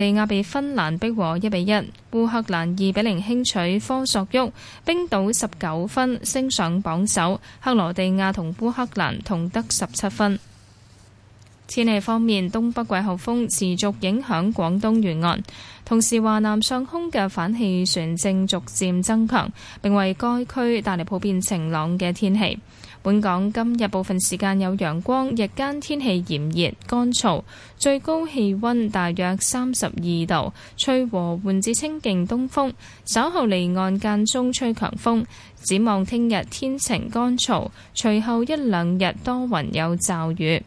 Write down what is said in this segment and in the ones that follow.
利比亞被芬蘭逼和一比一，烏克蘭二比零輕取科索沃，冰島十九分升上榜首，克羅地亞同烏克蘭同得十七分。天氣方面，東北季候風持續影響廣東沿岸，同時華南上空嘅反氣旋正逐漸增強，並為該區帶嚟普遍晴朗嘅天氣。本港今日部分時間有陽光，日間天氣炎熱乾燥，最高氣溫大約三十二度，吹和緩至清勁東風。稍後離岸間中吹強風。展望聽日天，天晴乾燥，隨後一兩日多雲有驟雨。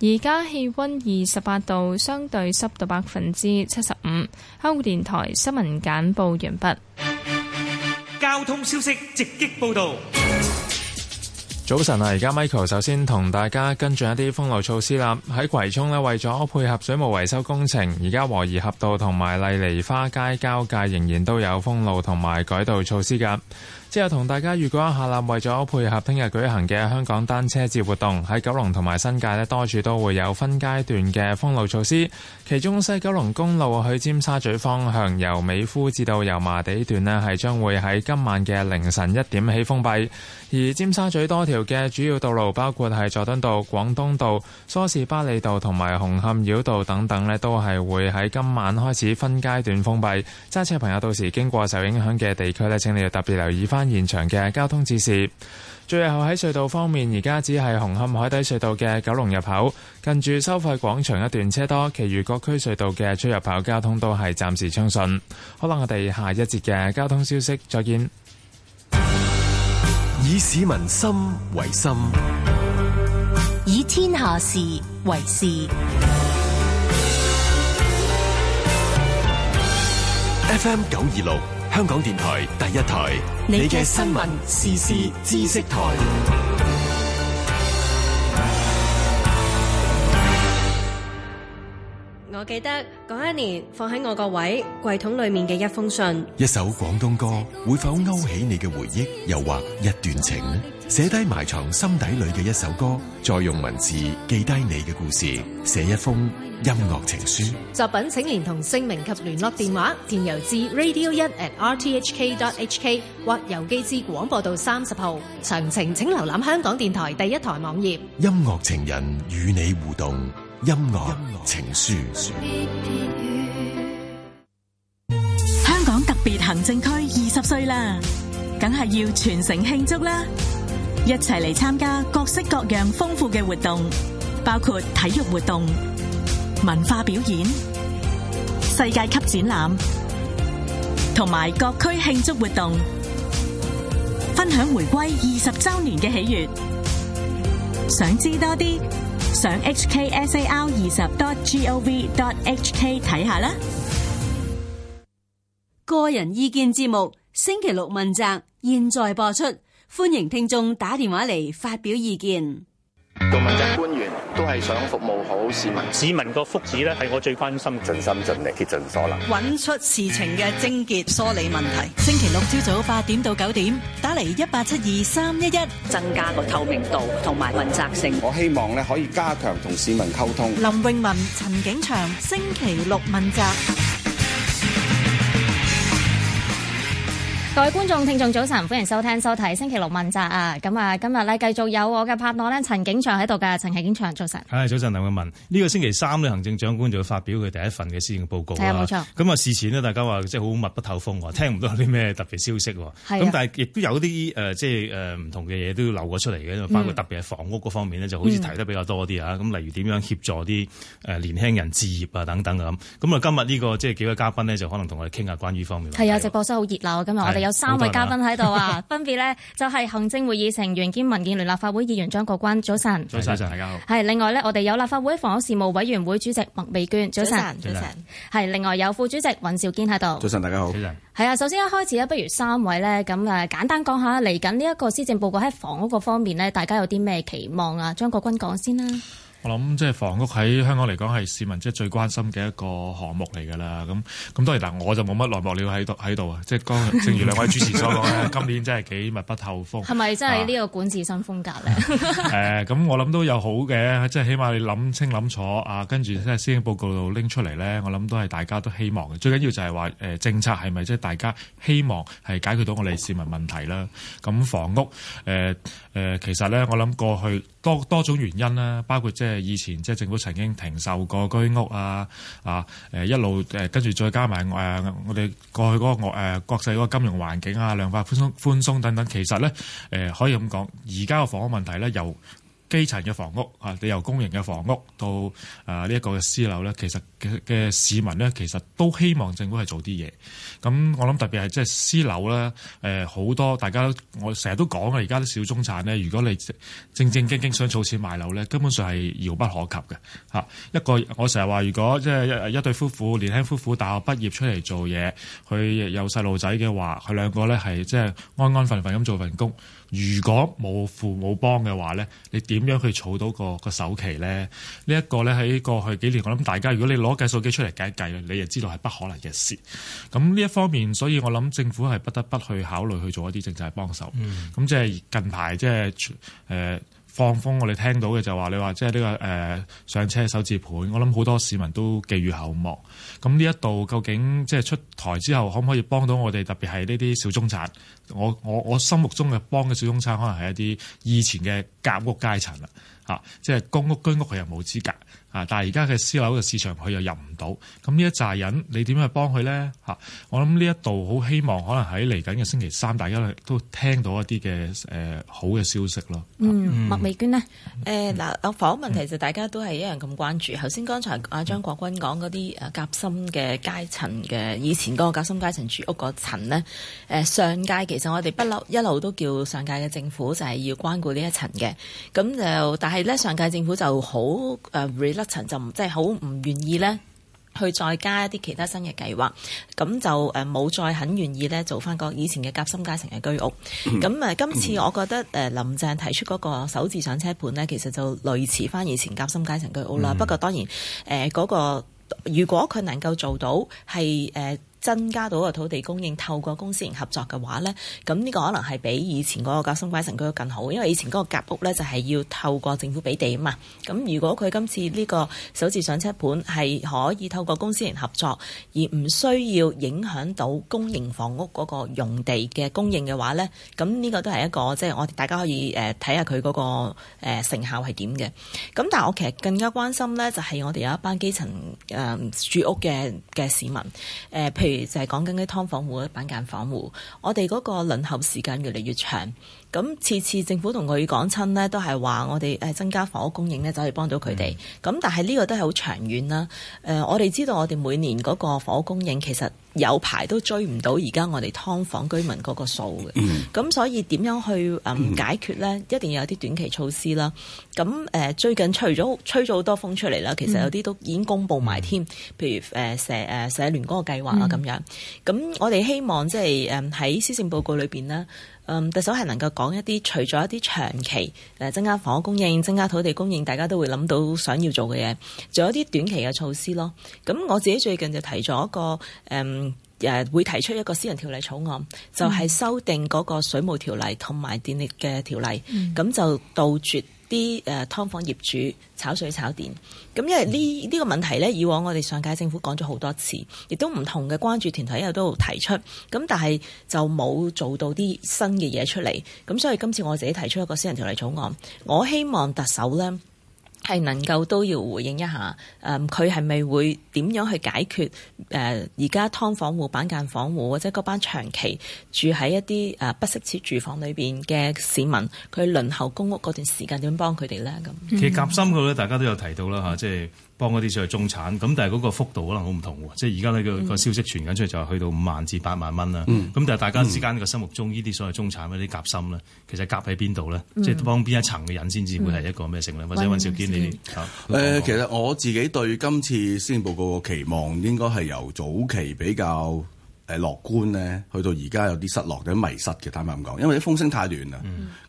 而家氣溫二十八度，相對濕度百分之七十五。香港電台新聞簡報完畢。交通消息直擊報道。早晨啊！而家 Michael 首先同大家跟進一啲封路措施啦。喺葵涌呢，為咗配合水務維修工程，而家和宜合道同埋麗梨花街交界仍然都有封路同埋改道措施噶。之後同大家預告一下啦，為咗配合聽日舉行嘅香港單車節活動，喺九龍同埋新界呢，多處都會有分階段嘅封路措施。其中西九龍公路去尖沙咀方向，由美孚至到油麻地段呢，係將會喺今晚嘅凌晨一點起封閉。而尖沙咀多條嘅主要道路，包括係佐敦道、廣東道、梳士巴利道同埋紅磡繞道等等呢，都係會喺今晚開始分階段封閉。揸車朋友到時經過受影響嘅地區呢，請你要特別留意翻現場嘅交通指示。最後喺隧道方面，而家只係紅磡海底隧道嘅九龍入口，近住收費廣場一段車多，其餘各區隧道嘅出入口交通都係暫時暢順。好啦，我哋下一節嘅交通消息再見。以市民心為心，以天下事為事。FM 九二六。香港電台第一台，你嘅新聞時事知識台。我記得嗰一年放喺我個位櫃桶裏面嘅一封信，一首廣東歌會否勾起你嘅回憶，又或一段情呢？寫低埋藏心底裏嘅一首歌，再用文字記低你嘅故事，寫一封音樂情書。作品請連同姓名及聯絡電話電郵至 radio 1 at rthk.hk 或郵寄至廣播道三十號。詳情請瀏覽香港電台第一台網頁。音樂情人與你互動。音樂情書，香港特別行政區二十歲啦，梗係要全城慶祝啦！一齊嚟參加各式各樣豐富嘅活動，包括體育活動、文化表演、世界級展覽，同埋各區慶祝活動，分享回歸二十週年嘅喜悅。想知多啲？上 hksar 二十 dot gov dot hk 睇下啦。個人意見節目，星期六問責，現在播出，歡迎聽眾打電話嚟發表意見。係想服務好市民，市民個福祉咧係我最關心，盡心盡力竭盡所能，揾出事情嘅症結，梳理問題。星期六朝早八點到九點，打嚟一八七二三一一，增加個透明度同埋問責性。我希望咧可以加強同市民溝通。林詠雯、陳景祥，星期六問責。各位觀眾、聽眾，早晨！歡迎收聽、收睇《星期六問責》啊！咁啊，今日咧繼續有我嘅拍檔咧，陳景祥喺度㗎。陳係景祥，早晨。早晨，林詠雯。呢個星期三行政長官就會發表佢第一份嘅施政報告。咁啊，事前呢，大家話即係好密不透風喎，聽唔到有啲咩特別消息喎。咁但係亦都有啲誒，即係誒唔同嘅嘢都流過出嚟嘅，包括特別係房屋嗰方面咧，就好似提得比較多啲啊。咁例如點樣協助啲誒年輕人置業啊，等等咁。咁啊，今日呢個即係幾位嘉賓呢，就可能同我哋傾下關於方面。係啊，直播室好熱鬧啊！今日我哋有三位嘉賓喺度啊， 分別呢就係行政會議成員兼民建聯立法會議員張國鈞，早晨。早晨，大家好。係，另外呢，我哋有立法會房屋事務委員會主席麥美娟，早晨。早晨。係晨晨另外有副主席尹兆堅喺度。早晨，大家好。早晨。係晨啊，首先一開始咧，不如三位呢咁誒，簡單講下嚟緊呢一個施政報告喺房屋個方面呢，大家有啲咩期望啊？張國鈞講先啦。我諗即係房屋喺香港嚟講係市民即係最關心嘅一個項目嚟噶啦，咁咁當然嗱我就冇乜內幕料喺度喺度啊，即係正如兩位主持所講 今年真係幾密不透風。係咪真係呢個管治新風格咧？誒、 呃，咁、呃、我諗都有好嘅，即係起碼你諗清諗楚啊，跟住喺施政報告度拎出嚟咧，我諗都係大家都希望嘅。最緊要就係話誒政策係咪即係大家希望係解決到我哋市民問題啦？咁房屋誒誒、呃呃，其實咧我諗過去多多種原因啦，包括即係。即係以前，即係政府曾經停售過居屋啊，啊，誒，一路誒、啊，跟住再加埋誒、呃，我哋過去嗰、個誒、呃、國際嗰個金融環境啊，量化寬鬆、寬鬆等等，其實咧誒、呃，可以咁講，而家嘅房屋問題咧由，基層嘅房屋啊，你由公營嘅房屋到啊呢一個私樓咧，其實嘅市民咧，其實都希望政府係做啲嘢。咁我諗特別係即係私樓咧，誒、呃、好多大家我成日都講啊，而家啲小中產咧，如果你正正經經想儲錢買樓咧，根本上係遙不可及嘅嚇。一個我成日話，如果即係一,一對夫婦年輕夫婦，大學畢業出嚟做嘢，佢有細路仔嘅話，佢兩個咧係即係安安分分咁做份工。如果冇父母幫嘅話咧，你點樣去儲到個個首期咧？呢一個咧喺過去幾年，我諗大家如果你攞計數機出嚟計一計咧，你就知道係不可能嘅事。咁呢一方面，所以我諗政府係不得不去考慮去做一啲政策幫手。嗯。咁即係近排即係誒。呃放風，我哋聽到嘅就話你話、這個，即係呢個誒上車首置盤，我諗好多市民都寄予厚望。咁呢一度究竟即係出台之後，可唔可以幫到我哋？特別係呢啲小中產，我我我心目中嘅幫嘅小中產，可能係一啲以前嘅夾屋階層啦，嚇、啊，即、就、係、是、公屋居屋，佢又冇資格。啊！但係而家嘅私樓嘅市場佢又入唔到，咁呢一紮人你點樣去幫佢咧？嚇！我諗呢一度好希望可能喺嚟緊嘅星期三，大家都聽到一啲嘅誒好嘅消息咯。嗯，嗯，麥美娟呢，誒嗱，我訪問其實大家都係一樣咁關注。頭先、嗯、剛才啊張國鈞講嗰啲誒夾心嘅階層嘅、嗯、以前嗰個夾心階層住屋嗰層咧，上屆其實我哋不嬲一路都叫上屆嘅政府就係要關顧呢一層嘅，咁就但係咧，上屆政府就好誒層就唔即係好唔願意咧，去再加一啲其他新嘅計劃，咁就誒冇再很願意咧做翻個以前嘅夾心階層嘅居屋。咁誒， 今次我覺得誒林鄭提出嗰個首置上車盤咧，其實就類似翻以前夾心階層居屋啦。 不過當然誒嗰、呃那個，如果佢能夠做到係誒。增加到個土地供應透過公私營合作嘅話咧，咁、這、呢個可能係比以前嗰個夾心階層居屋更好，因為以前嗰個夾屋咧就係要透過政府俾地啊嘛。咁如果佢今次呢個首次上車盤係可以透過公私營合作，而唔需要影響到公營房屋嗰個用地嘅供應嘅話咧，咁、這、呢個都係一個即係我哋大家可以誒睇下佢嗰個誒成效係點嘅。咁但係我其實更加關心咧，就係我哋有一班基層誒住屋嘅嘅市民誒譬如。就係講緊嘅劏房戶、板間房戶，我哋嗰個輪候時間越嚟越長。咁次次政府同佢講親咧，都係話我哋誒增加房屋供應咧，就可以幫到佢哋。咁、嗯、但係呢個都係好長遠啦。誒，我哋知道我哋每年嗰個房屋供應其實有排都追唔到而家我哋劏房居民嗰個數嘅。咁、嗯、所以點樣去解決呢？嗯、一定要有啲短期措施啦。咁誒最近吹咗吹咗好多風出嚟啦，其實有啲都已經公布埋添，譬、嗯、如誒社誒社聯嗰個計劃啊咁樣。咁、嗯、我哋希望即係誒喺施政報告裏邊呢。嗯，特首係能夠講一啲除咗一啲長期誒增加房屋供應、增加土地供應，大家都會諗到想要做嘅嘢，仲有啲短期嘅措施咯。咁我自己最近就提咗一個誒，誒、嗯呃、會提出一個私人條例草案，就係、是、修訂嗰個水務條例同埋電力嘅條例，咁、嗯、就杜絕。啲誒劏房業主炒水炒電，咁因為呢呢、嗯、個問題呢，以往我哋上屆政府講咗好多次，亦都唔同嘅關注團體都有都提出，咁但係就冇做到啲新嘅嘢出嚟，咁所以今次我自己提出一個私人條例草案，我希望特首呢。係能夠都要回應一下，誒佢係咪會點樣去解決？誒而家劏房戶、戶板間房戶或者嗰班長期住喺一啲誒不適切住房裏邊嘅市民，佢輪候公屋嗰段時間點樣幫佢哋咧？咁、嗯、其實夾心嘅咧，大家都有提到啦嚇，即係。幫嗰啲所謂中產，咁但係嗰個幅度可能好唔同喎。即係而家呢個個消息傳緊出嚟，就係去到五萬至八萬蚊啦。咁、嗯、但係大家之間個心目中呢啲、嗯、所謂中產嗰啲夾心咧，其實夾喺邊度咧？嗯、即係幫邊一層嘅人先至會係一個咩成咧？嗯、或者尹兆堅你誒，其實我自己對今次施政報告個期望應該係由早期比較。誒樂觀咧，去到而家有啲失落，有啲迷失嘅，坦白咁講，因為啲風聲太亂啦。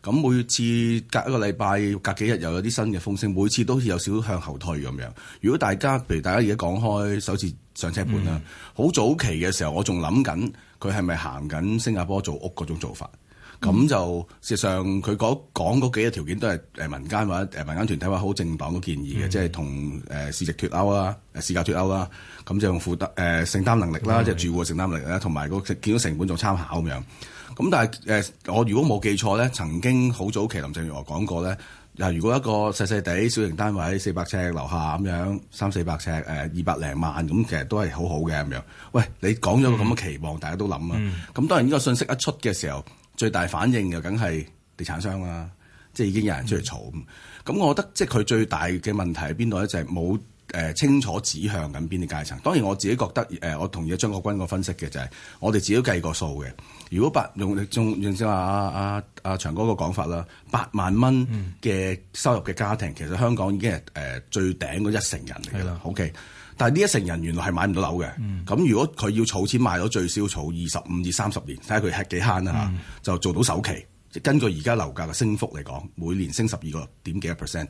咁、嗯、每次隔一個禮拜，隔幾日又有啲新嘅風聲，每次都好似有少少向後退咁樣。如果大家，譬如大家而家講開首次上車盤啦，好、嗯、早期嘅時候，我仲諗緊佢係咪行緊新加坡做屋嗰種做法。咁就，事實上佢講講嗰幾個條件都係誒民間或者誒民間團體話好正當嘅建議嘅，即係同誒市值脫鈎啦、市價脫鈎啦，咁就用負擔誒承擔能力啦，即係住戶嘅承擔能力啦，同埋個建屋成本做參考咁樣。咁但係誒，我如果冇記錯咧，曾經好早期林鄭月娥講過咧，嗱，如果一個細細哋小型單位四百尺樓下咁樣，三四百尺誒二百零萬咁，其實都係好好嘅咁樣。喂，你講咗個咁嘅期望，大家都諗啊。咁當然呢個信息一出嘅時候。最大反應又梗係地產商啦，即係已經有人出嚟嘈咁。咁、嗯嗯、我覺得即係佢最大嘅問題喺邊度咧，就係冇誒清楚指向緊邊啲階層。當然我自己覺得誒、呃，我同意張國鈞個分析嘅就係我哋自己計過數嘅。如果八用，你仲用即係話阿阿阿長哥個講法啦，八萬蚊嘅收入嘅家庭，嗯、其實香港已經係誒、呃、最頂嗰一成人嚟嘅啦。O K 的。Okay 但係呢一成人原來係買唔到樓嘅，咁、嗯、如果佢要儲錢買咗最少儲二十五至三十年，睇下佢吃幾慳啊。嚇、嗯，就做到首期。即根據而家樓價嘅升幅嚟講，每年升十二個點幾 percent，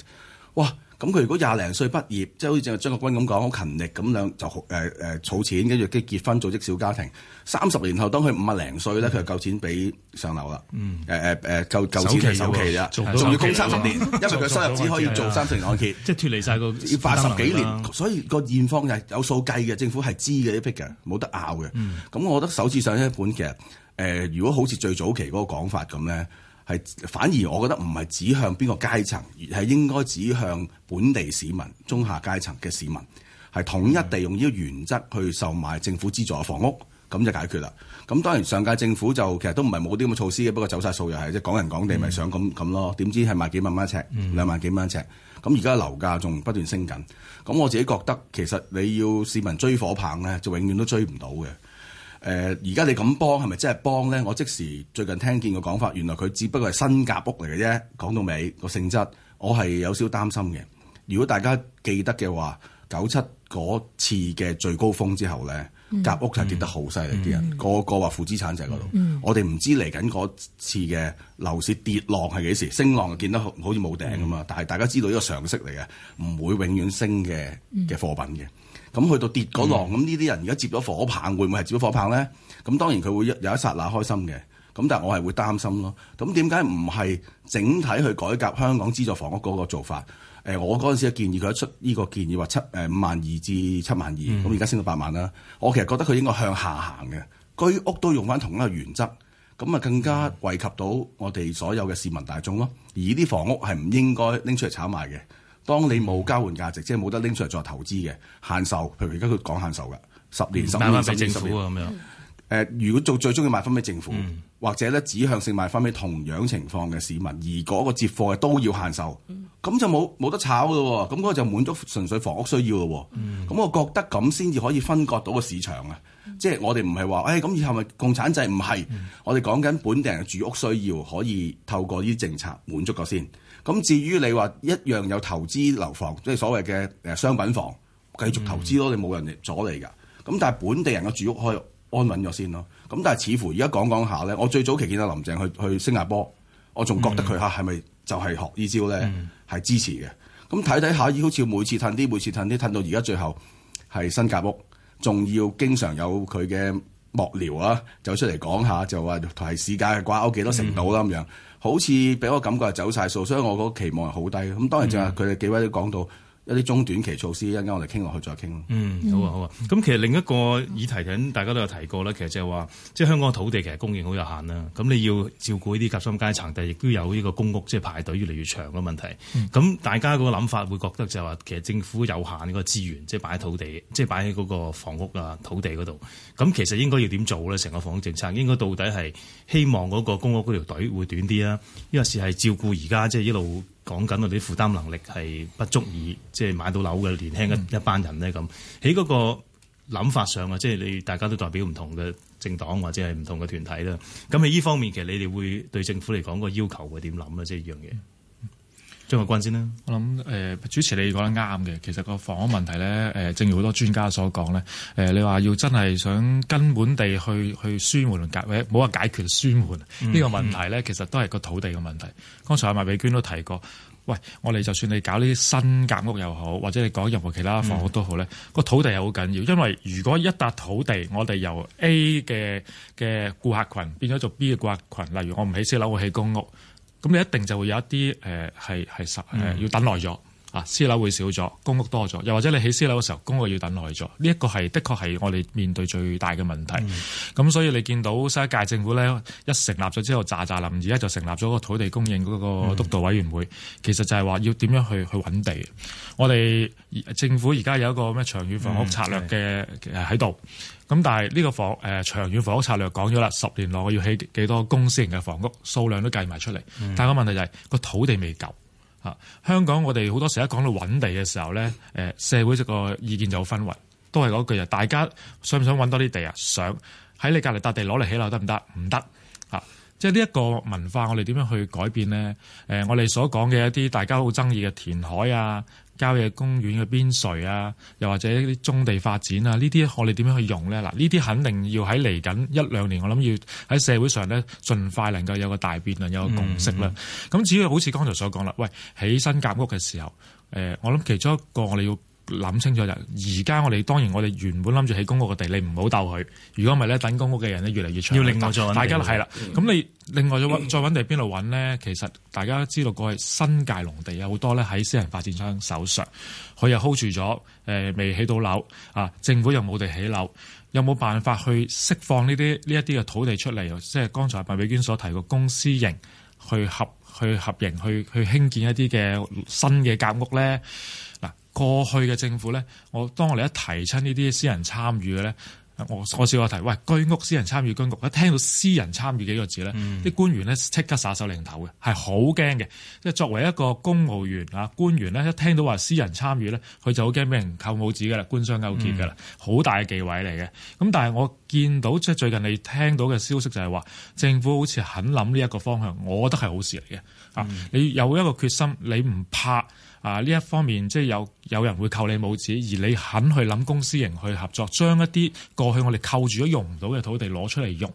哇！咁佢如果廿零歲畢業，即係好似張國鈞咁講，好勤力咁樣就誒誒、呃、儲錢，跟住啲結婚組織小家庭，三十年後當佢五十零歲咧，佢、嗯、就夠錢俾上樓啦。嗯，誒誒誒夠夠錢係首期啫，仲到要供三十年，因為佢收入只可以做三成按揭，即係脫離晒個要快十幾年，啊、所以個現況係有數計嘅，政府係知嘅一逼嘅，冇得拗嘅。咁、嗯、我覺得首次上一盤其實誒，如果好似最早期嗰個講法咁咧。係反而，我覺得唔係指向邊個階層，而係應該指向本地市民、中下階層嘅市民，係統一地用呢個原則去售賣政府資助嘅房屋，咁就解決啦。咁當然上屆政府就其實都唔係冇啲咁嘅措施嘅，不過走晒數又、就、係、是，即係港人港地咪想咁咁咯。點、嗯、知係賣幾萬蚊一尺，嗯、兩萬幾蚊一尺。咁而家樓價仲不斷升緊。咁我自己覺得其實你要市民追火棒咧，就永遠都追唔到嘅。誒，而家、呃、你咁幫係咪真係幫咧？我即時最近聽見個講法，原來佢只不過係新夾屋嚟嘅啫。講到尾個性質，我係有少少擔心嘅。如果大家記得嘅話，九七嗰次嘅最高峰之後咧，夾、嗯、屋就跌得好犀利，啲人個個話負資產就喺嗰度。我哋唔知嚟緊嗰次嘅樓市跌浪係幾時，升浪就見得好似冇頂咁嘛。但係大家知道呢個常識嚟嘅，唔會永遠升嘅嘅貨品嘅。咁去到跌嗰浪，咁呢啲人而家接咗火棒，會唔會係接咗火棒咧？咁當然佢會有一剎那開心嘅，咁但係我係會擔心咯。咁點解唔係整體去改革香港資助房屋嗰個做法？誒、呃，我嗰陣時嘅建議佢一出呢個建議話七誒五萬二至七萬二，咁而家升到八萬啦。我其實覺得佢應該向下行嘅，居屋都用返同一個原則，咁啊更加惠及到我哋所有嘅市民大眾咯。而啲房屋係唔應該拎出嚟炒賣嘅。當你冇交換價值，嗯、即係冇得拎出嚟再投資嘅限售，譬如而家佢講限售嘅十年、十年、十年十年咁樣。誒、呃，如果做最終要賣翻俾政府，嗯、或者咧指向性賣翻俾同樣情況嘅市民，而嗰個接貨嘅都要限售，咁、嗯、就冇冇得炒嘅喎。咁嗰個就滿足純粹房屋需要嘅喎。咁、嗯、我覺得咁先至可以分割到個市場啊！嗯、即係我哋唔係話誒咁以後咪共產制唔係，嗯、我哋講緊本地人嘅住屋需要可以透過啲政策滿足咗先。咁至於你話一樣有投資樓房，即係所謂嘅誒商品房，繼續投資咯，嗯、你冇人嚟阻你噶。咁但係本地人嘅住屋可以安穩咗先咯。咁但係似乎而家講講下咧，我最早期見到林鄭去，去新加坡，我仲覺得佢嚇係咪就係學呢招咧？係、嗯、支持嘅。咁睇睇下，好似每次褪啲，每次褪啲，褪到而家最後係新加屋，仲要經常有佢嘅幕僚啊，走出嚟講下，就話同市價嘅掛鈎幾多成度啦咁樣。嗯嗯好似俾我感覺係走晒數，所以我嗰個期望係好低。咁當然就係佢哋幾位都講到。一啲中短期措施，一陣間我哋傾落去再傾。嗯，好啊，好啊。咁其實另一個議題，緊大家都有提過啦。其實就係話，即係香港土地其實供應好有限啦。咁你要照顧呢啲夾心階層，但亦都有呢個公屋，即係排隊越嚟越長嘅問題。咁，嗯，大家個諗法會覺得就係話，其實政府有限嗰個資源，即係擺喺土地，即係擺喺嗰個房屋啊土地嗰度。咁其實應該要點做咧？成個房屋政策應該到底係希望嗰個公屋嗰條隊會短啲啊？呢個事係照顧而家即係一路。講緊啲負擔能力係不足以，嗯、即係買到樓嘅年輕一一班人咧，咁喺嗰個諗法上啊，即係你大家都代表唔同嘅政黨或者係唔同嘅團體啦。咁喺呢方面其實你哋會對政府嚟講、個要求會點諗啊？即係呢樣嘢。張國鈞先啦，我諗誒、呃、主持你講得啱嘅，其實個房屋問題咧誒、呃，正如好多專家所講咧，誒、呃、你話要真係想根本地去去舒緩解，或者冇話解決舒緩呢、嗯、個問題咧，嗯、其實都係個土地嘅問題。剛才阿麥美娟都提過，喂，我哋就算你搞呢啲新甲屋又好，或者你講任何其他房屋都好咧，嗯、個土地係好緊要，因為如果一笪土地，我哋由 A 嘅嘅顧客群變咗做 B 嘅顧客群，例如我唔起私樓，我起公屋。咁你一定就會有一啲誒係係實誒要等耐咗啊，嗯、私樓會少咗，公屋多咗，又或者你起私樓嘅時候，公屋要等耐咗。呢、這、一個係的確係我哋面對最大嘅問題。咁、嗯、所以你見到新一屆政府咧一成立咗之後，咋咋臨而家就成立咗個土地供應嗰個督導委員會，其實就係話要點樣去去揾地。我哋政府而家有一個咩長遠房屋策略嘅喺度。咁但係呢個房誒、呃、長遠房屋策略講咗啦，十年內我要起幾多公私型嘅房屋數量都計埋出嚟，嗯、但係個問題就係個土地未夠嚇。香港我哋好多時一講到揾地嘅時候咧，誒、啊、社會個意見就好紛紜，都係嗰句啊，大家想唔想揾多啲地啊？想喺你隔籬笪地攞嚟起樓得唔得？唔得嚇。即係呢一個文化，我哋點樣去改變咧？誒、啊，我哋所講嘅一啲大家好爭議嘅填海啊！郊野公園嘅邊陲啊，又或者一啲棕地發展啊，呢啲我哋點樣去用咧？嗱，呢啲肯定要喺嚟緊一兩年，我諗要喺社會上咧，盡快能夠有個大辯論，有個共識啦。咁、嗯、至於好似剛才所講啦，喂，起身監屋嘅時候，誒、呃，我諗其中一個我哋要諗清楚就，而家我哋當然我哋原本諗住起公屋嘅地，你唔好鬥佢。如果唔係咧，等公屋嘅人咧越嚟越長。要另外再揾，大家係啦。咁了、嗯、你另外再揾，嗯、再揾地邊度揾咧？其實大家知道過去新界農地有好多咧，喺私人發展商手上，佢又 hold 住咗。誒、呃，未起到樓啊，政府又冇地起樓，有冇辦法去釋放呢啲呢一啲嘅土地出嚟？即係剛才麥美娟所提嘅公私營去合去合營去去興建一啲嘅新嘅甲屋咧？過去嘅政府咧，我當我哋一提親呢啲私人參與嘅咧，我我試過提喂居屋私人參與居屋，一聽到私人參與幾個字咧，啲、嗯、官員咧即刻耍手擰頭嘅，係好驚嘅。即係作為一個公務員啊，官員咧一聽到話私人參與咧，佢就好驚俾人扣帽子噶啦，官商勾結噶啦，好、嗯、大嘅忌諱嚟嘅。咁但係我見到即係最近你聽到嘅消息就係、是、話，政府好似肯諗呢一個方向，我覺得係好事嚟嘅。嗯、啊，你有一個決心，你唔怕。啊！呢一方面即係有有人會扣你帽子，而你肯去諗公私營去合作，將一啲過去我哋扣住咗用唔到嘅土地攞出嚟用。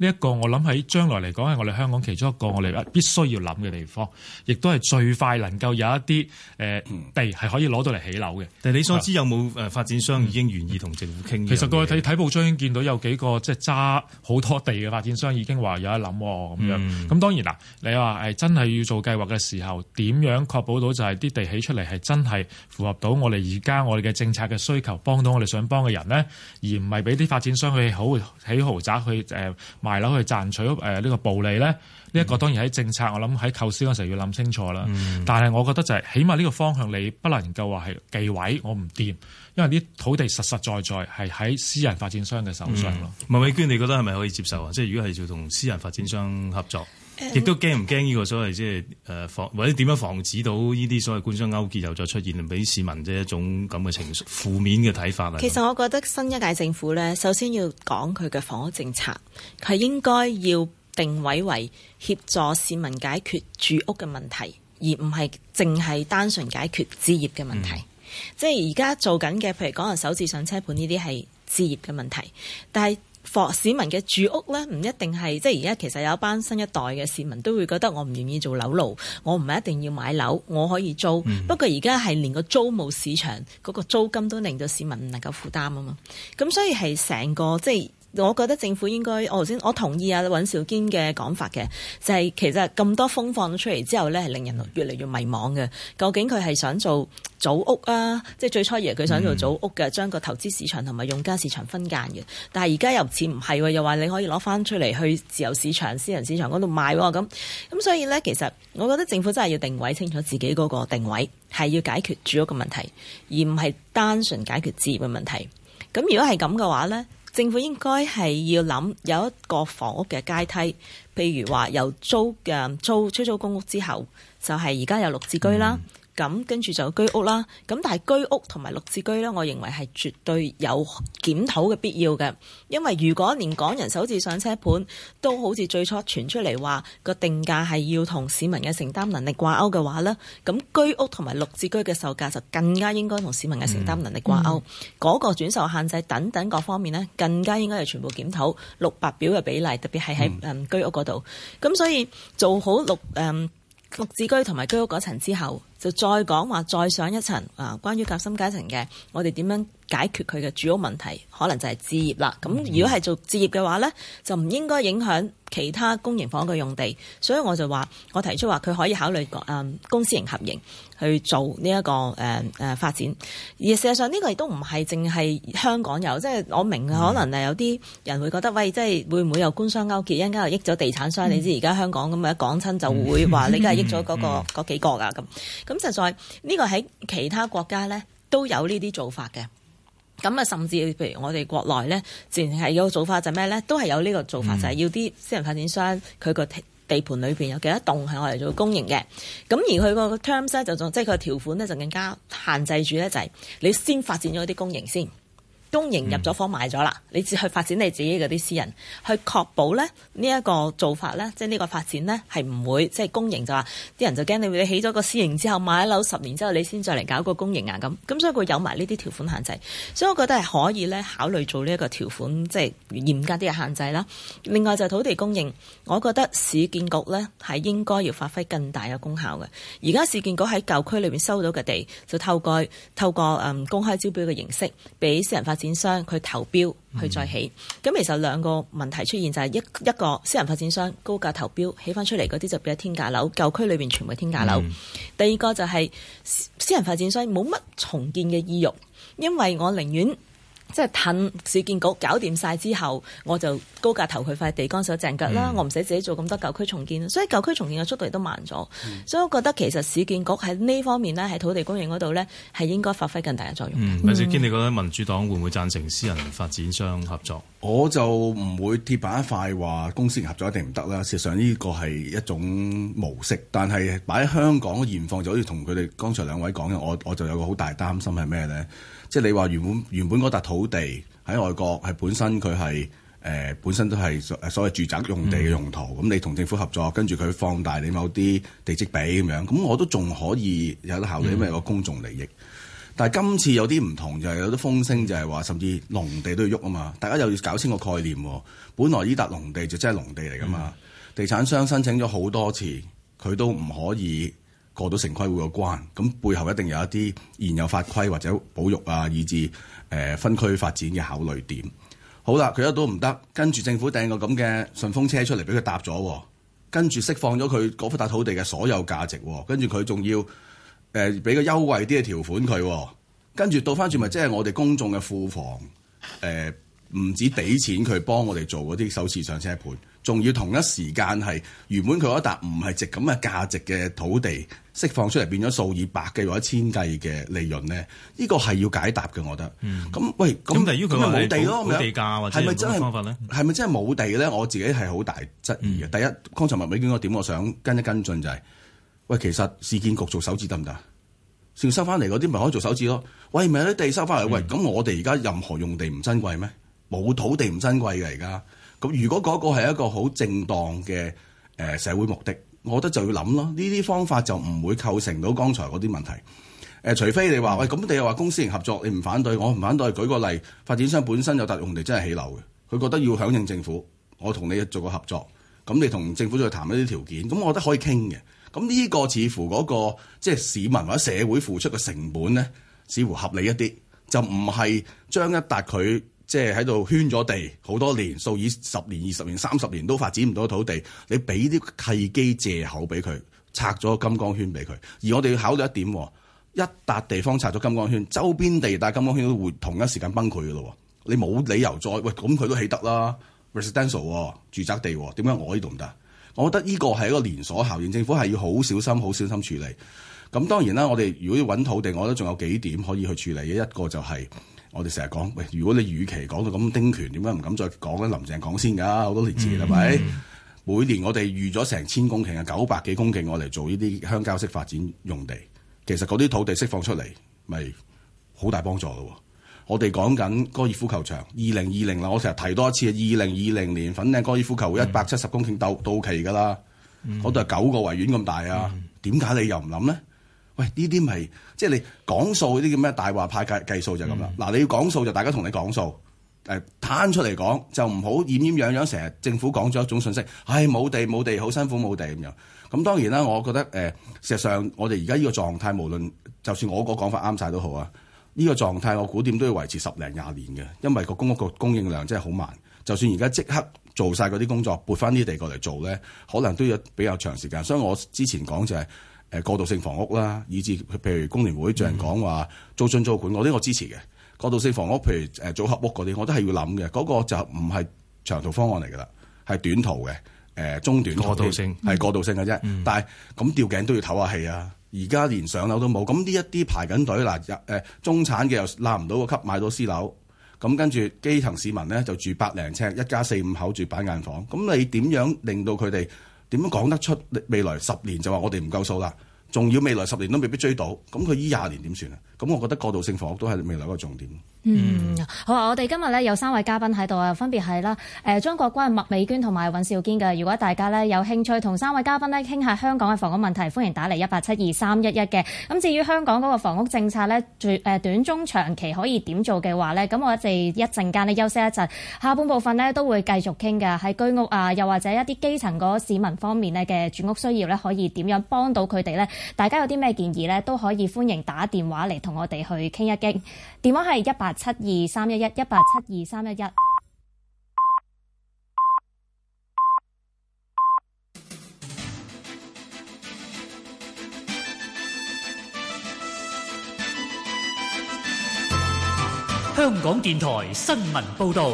呢一個我諗喺將來嚟講係我哋香港其中一個我哋必須要諗嘅地方，亦都係最快能夠有一啲誒地係可以攞到嚟起樓嘅。但係你所知有冇誒發展商已經願意同政府傾？其實過去睇睇報章已經見到有幾個即係揸好多地嘅發展商已經話有諗咁樣。咁、嗯、當然啦，你話係真係要做計劃嘅時候，點樣確保到就係啲地起出嚟係真係符合到我哋而家我哋嘅政策嘅需求，幫到我哋想幫嘅人呢？而唔係俾啲發展商去好起豪宅去誒。呃賣樓去賺取誒呢個暴利咧，呢、這、一個當然喺政策，我諗喺構思嗰陣時候要諗清楚啦。嗯、但係我覺得就係，起碼呢個方向你不能夠話係忌位，我唔掂，因為啲土地實實在在係喺私人發展商嘅手上咯。麥美、嗯、娟，你覺得係咪可以接受啊？即係如果係要同私人發展商合作？亦、嗯、都驚唔驚呢個所謂即係誒防或者點樣防止到呢啲所謂官商勾結又再出現，俾市民即係一種咁嘅情緒負面嘅睇法啊？其實我覺得新一屆政府咧，首先要講佢嘅房屋政策，佢應該要定位為協助市民解決住屋嘅問題，而唔係淨係單純解決置業嘅問題。嗯、即係而家做緊嘅，譬如講人手指上車盤呢啲係置業嘅問題，但係。市民嘅住屋咧，唔一定係即係而家。其實有一班新一代嘅市民都會覺得我唔願意做樓奴，我唔係一定要買樓，我可以租。嗯、不過而家係連個租務市場嗰、嗰個租金都令到市民唔能夠負擔啊嘛。咁所以係成個即係。我覺得政府應該，我頭先我同意啊，尹兆堅嘅講法嘅就係、是、其實咁多風放咗出嚟之後呢，係令人越嚟越迷茫嘅。究竟佢係想做組屋啊，即係最初以為佢想做組屋嘅，將個投資市場同埋用家市場分間嘅。但係而家又似唔係，又話你可以攞翻出嚟去自由市場、私人市場嗰度賣咁咁，所以呢，其實我覺得政府真係要定位清楚自己嗰個定位，係要解決住屋嘅問題，而唔係單純解決置業嘅問題。咁如果係咁嘅話呢，政府應該係要諗有一個房屋嘅階梯，譬如話由租嘅租出租公屋之後，就係而家有綠置居啦。咁跟住就居屋啦。咁但係居屋同埋綠置居咧，我認為係絕對有檢討嘅必要嘅。因為如果連港人首置上車盤都好似最初傳出嚟話個定價係要同市民嘅承擔能力掛鈎嘅話呢，咁居屋同埋綠置居嘅售價就更加應該同市民嘅承擔能力掛鈎嗰、嗯、個轉售限制等等各方面呢，更加應該係全部檢討綠白表嘅比例，特別係喺居屋嗰度。咁、嗯、所以做好綠誒、嗯、綠置居同埋居屋嗰層之後。就再講話再上一層啊，關於夾心階層嘅，我哋點樣解決佢嘅主要問題？可能就係置業啦。咁如果係做置業嘅話呢，就唔應該影響其他公營房嘅用地。所以我就話，我提出話佢可以考慮誒公私營合營去做呢、這、一個誒誒、嗯啊、發展。而事實上呢、這個亦都唔係淨係香港有，即係我明可能誒有啲人會覺得喂，即係會唔會有官商勾結？一陣間又益咗地產商，嗯、你知而家香港咁一講親就會話你梗係益咗嗰、那個嗰幾個啊咁。咁實在呢、這個喺其他國家咧都有呢啲做法嘅。咁啊甚至譬如我哋國內咧，自然係有做法就係咩咧，都係有呢個做法、嗯、就係要啲私人發展商佢個地盤裏邊有幾多棟係我哋做公營嘅，咁而佢個 terms 咧就仲即係佢個條款咧就更加限制住咧就係你先發展咗啲公營先。公營入咗房買咗啦，嗯、你只去發展你自己嗰啲私人，去確保咧呢一個做法咧，即係呢個發展咧係唔會即係、就是、公營就話啲人就驚你你起咗個私營之後買咗樓十年之後你先再嚟搞個公營啊，咁，咁所以佢有埋呢啲條款限制，所以我覺得係可以咧考慮做呢一個條款即係、就是、嚴格啲嘅限制啦。另外就土地供應，我覺得市建局咧係應該要發揮更大嘅功效嘅。而家市建局喺舊區裏邊收到嘅地就透過透過誒、嗯、公開招標嘅形式俾私人發展。展商佢投標去再起，咁、嗯、其實兩個問題出現就係、是、一一個私人發展商高價投標起翻出嚟嗰啲，就變咗天價樓，舊區裏邊全部係天價樓。嗯、第二個就係私人發展商冇乜重建嘅意欲，因為我寧願。即係等市建局搞掂晒之後，我就高價投佢塊地，乾手淨腳啦。嗯、我唔使自己做咁多舊區重建，所以舊區重建嘅速度亦都慢咗。嗯、所以，我覺得其實市建局喺呢方面咧，喺土地供應嗰度咧，係應該發揮更大嘅作用。嗯，尹兆堅，嗯、你覺得民主黨會唔會贊成私人發展商合作？我就唔會鐵板一塊話公司合作一定唔得啦。事實上，呢個係一種模式，但係擺喺香港現況就好似同佢哋剛才兩位講嘅，我我就有個好大擔心係咩咧？即係你話原本原本嗰沓土地喺外國係本身佢係誒本身都係所謂住宅用地嘅用途，咁、嗯、你同政府合作，跟住佢放大你某啲地積比咁樣，咁我都仲可以有得考慮，因為個公眾利益。嗯、但係今次有啲唔同，就係、是、有啲風聲就，就係話甚至農地都要喐啊嘛，大家又要搞清個概念。本來呢沓農地就真係農地嚟噶嘛，嗯嗯、地產商申請咗好多次，佢都唔可以，過到城規會個關，咁背後一定有一啲現有法規或者保育啊，以至誒、呃、分區發展嘅考慮點。好啦，佢一都唔得，跟住政府掟個咁嘅順風車出嚟俾佢搭咗、哦，跟住釋放咗佢嗰幅笪土地嘅所有價值，哦、跟住佢仲要誒俾個優惠啲嘅條款佢、哦，跟住倒翻轉咪即係我哋公眾嘅庫房，誒、呃、唔止俾錢佢幫我哋做嗰啲首次上車盤。仲要同一時間係原本佢嗰一笪唔係值咁嘅價值嘅土地釋放出嚟，變咗數以百計或者千計嘅利潤咧？呢個係要解答嘅，我覺得。咁、嗯、喂，咁因為冇地咯，咪地價或者唔同方法係咪真係冇地咧？我自己係好大質疑嘅。嗯、第一，剛才麥美娟嗰個點，我想跟一跟進就係、是，喂，其實市建局做手指得唔得？先收翻嚟嗰啲咪可以做手指咯？喂，咪、就、啲、是、地收翻嚟？嗯、喂，咁我哋而家任何用地唔珍貴咩？冇土地唔珍貴嘅而家。咁如果嗰個係一個好正當嘅誒社會目的，我覺得就要諗咯。呢啲方法就唔會構成到剛才嗰啲問題。誒，除非你話喂，咁你又話公私營合作，你唔反對，我唔反對。舉個例，發展商本身有達用地，真係起樓嘅，佢覺得要響應政府，我同你做個合作。咁你同政府再談一啲條件，咁我覺得可以傾嘅。咁呢個似乎嗰個即係市民或者社會付出嘅成本咧，似乎合理一啲，就唔係將一笪佢。即係喺度圈咗地好多年，數以十年、二十年、三十年都發展唔到土地，你俾啲契機藉口俾佢拆咗金剛圈俾佢。而我哋要考慮一點，一笪地方拆咗金剛圈，周邊地帶金剛圈都會同一時間崩潰嘅咯。你冇理由再喂，咁佢都起得啦，residential 住宅地，點解我呢度唔得？我覺得呢個係一個連鎖效應，政府係要好小心、好小心處理。咁當然啦，我哋如果要揾土地，我覺得仲有幾點可以去處理嘅。一個就係、是。我哋成日講喂，如果你預期講到咁丁權，點解唔敢再講咧？林鄭講先噶，好多年前係咪？Mm hmm. 每年我哋預咗成千公頃啊，九百幾公頃我嚟做呢啲鄉郊式發展用地，其實嗰啲土地釋放出嚟，咪好大幫助噶。我哋講緊高爾夫球場，二零二零啦，我成日提多一次，二零二零年粉嶺高爾夫球會一百七十公頃到到期噶啦，嗰度係九個圍院咁大啊，點解、mm hmm. 你又唔諗咧？喂，呢啲咪即係你講數嗰啲叫咩大話派計計數，就係咁啦。嗱、嗯，你要講數就大家同你講數，誒、呃、攤出嚟講就唔好掩掩揚揚，成日政府講咗一種信息，唉、哎，冇地冇地好辛苦冇地咁樣。咁當然啦，我覺得誒，事、呃、實上我哋而家呢個狀態，無論就算我個講法啱晒都好啊，呢、這個狀態我估點都要維持十零廿年嘅，因為個公屋個供應量真係好慢。就算而家即刻做晒嗰啲工作，撥翻啲地過嚟做咧，可能都要比較長時間。所以我之前講就係、是。誒過渡性房屋啦，以至譬如工聯會有人講話租進租管嗰啲，我支持嘅過渡性房屋，譬如誒組合屋嗰啲，我都係要諗嘅。嗰、那個就唔係長途方案嚟嘅啦，係短途嘅，誒、呃、中短途過渡性係過渡性嘅啫。嗯、但係咁吊頸都要唞下氣啊！而家連上樓都冇，咁呢一啲排緊隊嗱誒中產嘅又拉唔到個級買到私樓，咁跟住基層市民咧就住百零尺，一家四五口住板間房，咁你點樣令到佢哋？點樣講得出未來十年就話我哋唔夠數啦？仲要未來十年都未必追到，咁佢依廿年點算啊？咁我覺得過渡性房屋都係未來一個重點。嗯，好啊！我哋今日咧有三位嘉賓喺度啊，分別係啦，誒張國鈞、麥美娟同埋尹兆堅嘅。如果大家咧有興趣同三位嘉賓咧傾下香港嘅房屋問題，歡迎打嚟一八七二三一一嘅。咁至於香港嗰個房屋政策咧，最誒短中長期可以點做嘅話咧，咁我哋一陣間咧休息一陣，下半部分咧都會繼續傾嘅，喺居屋啊，又或者一啲基層嗰市民方面咧嘅住屋需要咧，可以點樣幫到佢哋咧？大家有啲咩建議呢，都可以歡迎打電話嚟同我哋去傾一傾。電話係一八七二三一一一八七二三一一。香港電台新聞報道。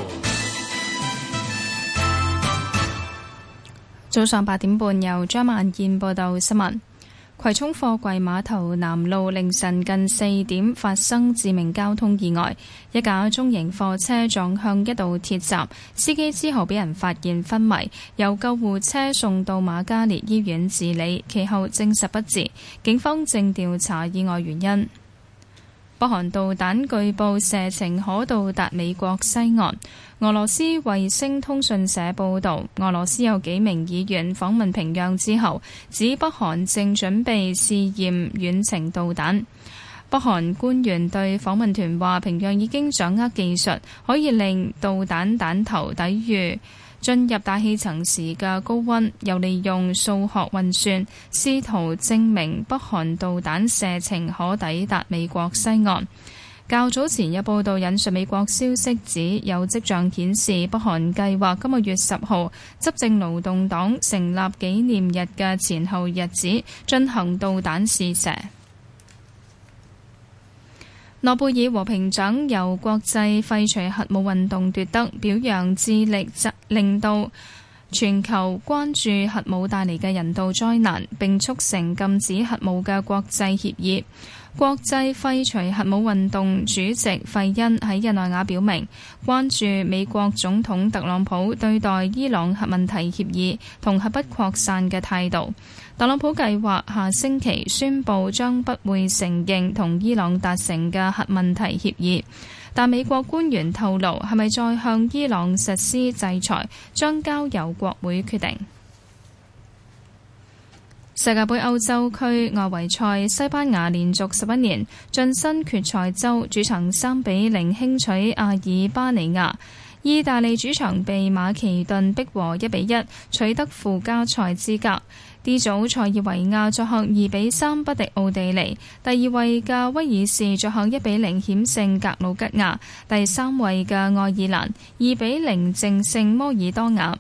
早上八點半，由張萬燕報道新聞。葵涌貨櫃碼頭南路凌晨近四點發生致命交通意外，一架中型貨車撞向一道鐵閘，司機之後俾人發現昏迷，由救護車送到瑪嘉烈醫院治理，其後證實不治。警方正調查意外原因。北韓導彈據報射程可到達美國西岸。俄羅斯衛星通訊社報道，俄羅斯有幾名議員訪問平壤之後，指北韓正準備試驗遠程導彈。北韓官員對訪問團話，平壤已經掌握技術，可以令導彈彈頭抵禦進入大氣層時嘅高温，又利用數學運算，試圖證明北韓導彈射程可抵達美國西岸。較早前有報道引述美國消息，指有跡象顯示北韓計劃今個月十號執政勞動黨成立紀念日嘅前後日子進行導彈試射。諾貝爾和平獎由國際廢除核武運動奪得，表揚致力令到全球關注核武帶嚟嘅人道災難，並促成禁止核武嘅國際協議。國際廢除核武運動主席費恩喺日內瓦表明，關注美國總統特朗普對待伊朗核問題協議同核不擴散嘅態度。特朗普計劃下星期宣布將不會承認同伊朗達成嘅核問題協議，但美國官員透露係咪再向伊朗實施制裁，將交由國會決定。世界杯歐洲區外圍賽，西班牙連續十一年晉身決賽周，主場三比零輕取阿爾巴尼亞。意大利主場被馬其頓逼和一比一，取得附加賽資格。D 組塞爾維亞作客二比三不敵奧地利，第二位嘅威爾士作客一比零險勝格魯吉亞，第三位嘅愛爾蘭二比零淨勝摩爾多瓦。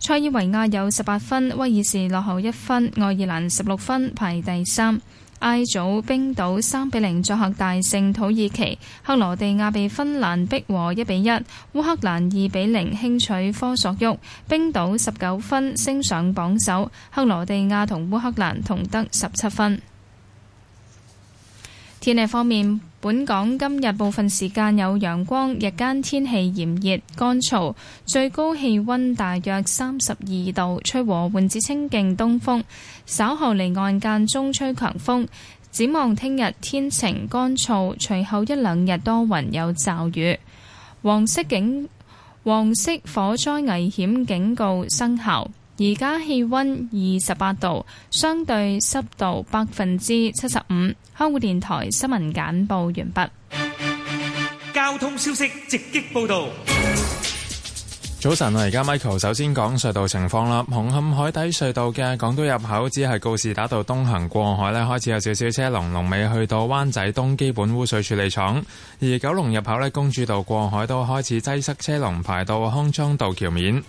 塞爾維亞有十八分，威爾士落後一分，愛爾蘭十六分排第三。I 組冰島三比零作客大勝土耳其，克羅地亞被芬蘭逼和一比一，烏克蘭二比零輕取科索沃，冰島十九分升上榜首，克羅地亞同烏克蘭同得十七分。天氣方面。本港今日部分時間有陽光，日間天氣炎熱乾燥，最高氣溫大約三十二度，吹和緩至清勁東風。稍後離岸間中吹強風。展望聽日天晴乾燥，隨後一兩日多雲有驟雨。黃色警黃色火災危險警告生效。而家氣温二十八度，相對濕度百分之七十五。香港電台新聞簡報完畢。交通消息直擊報道。早晨啊，而家 Michael 首先講隧道情況啦。紅磡海底隧道嘅港島入口只係告士打道東行過海呢，開始有少少車龍，龍尾去到灣仔東基本污水處理廠。而九龍入口呢，公主道過海都開始擠塞車龍，排到康莊道橋面。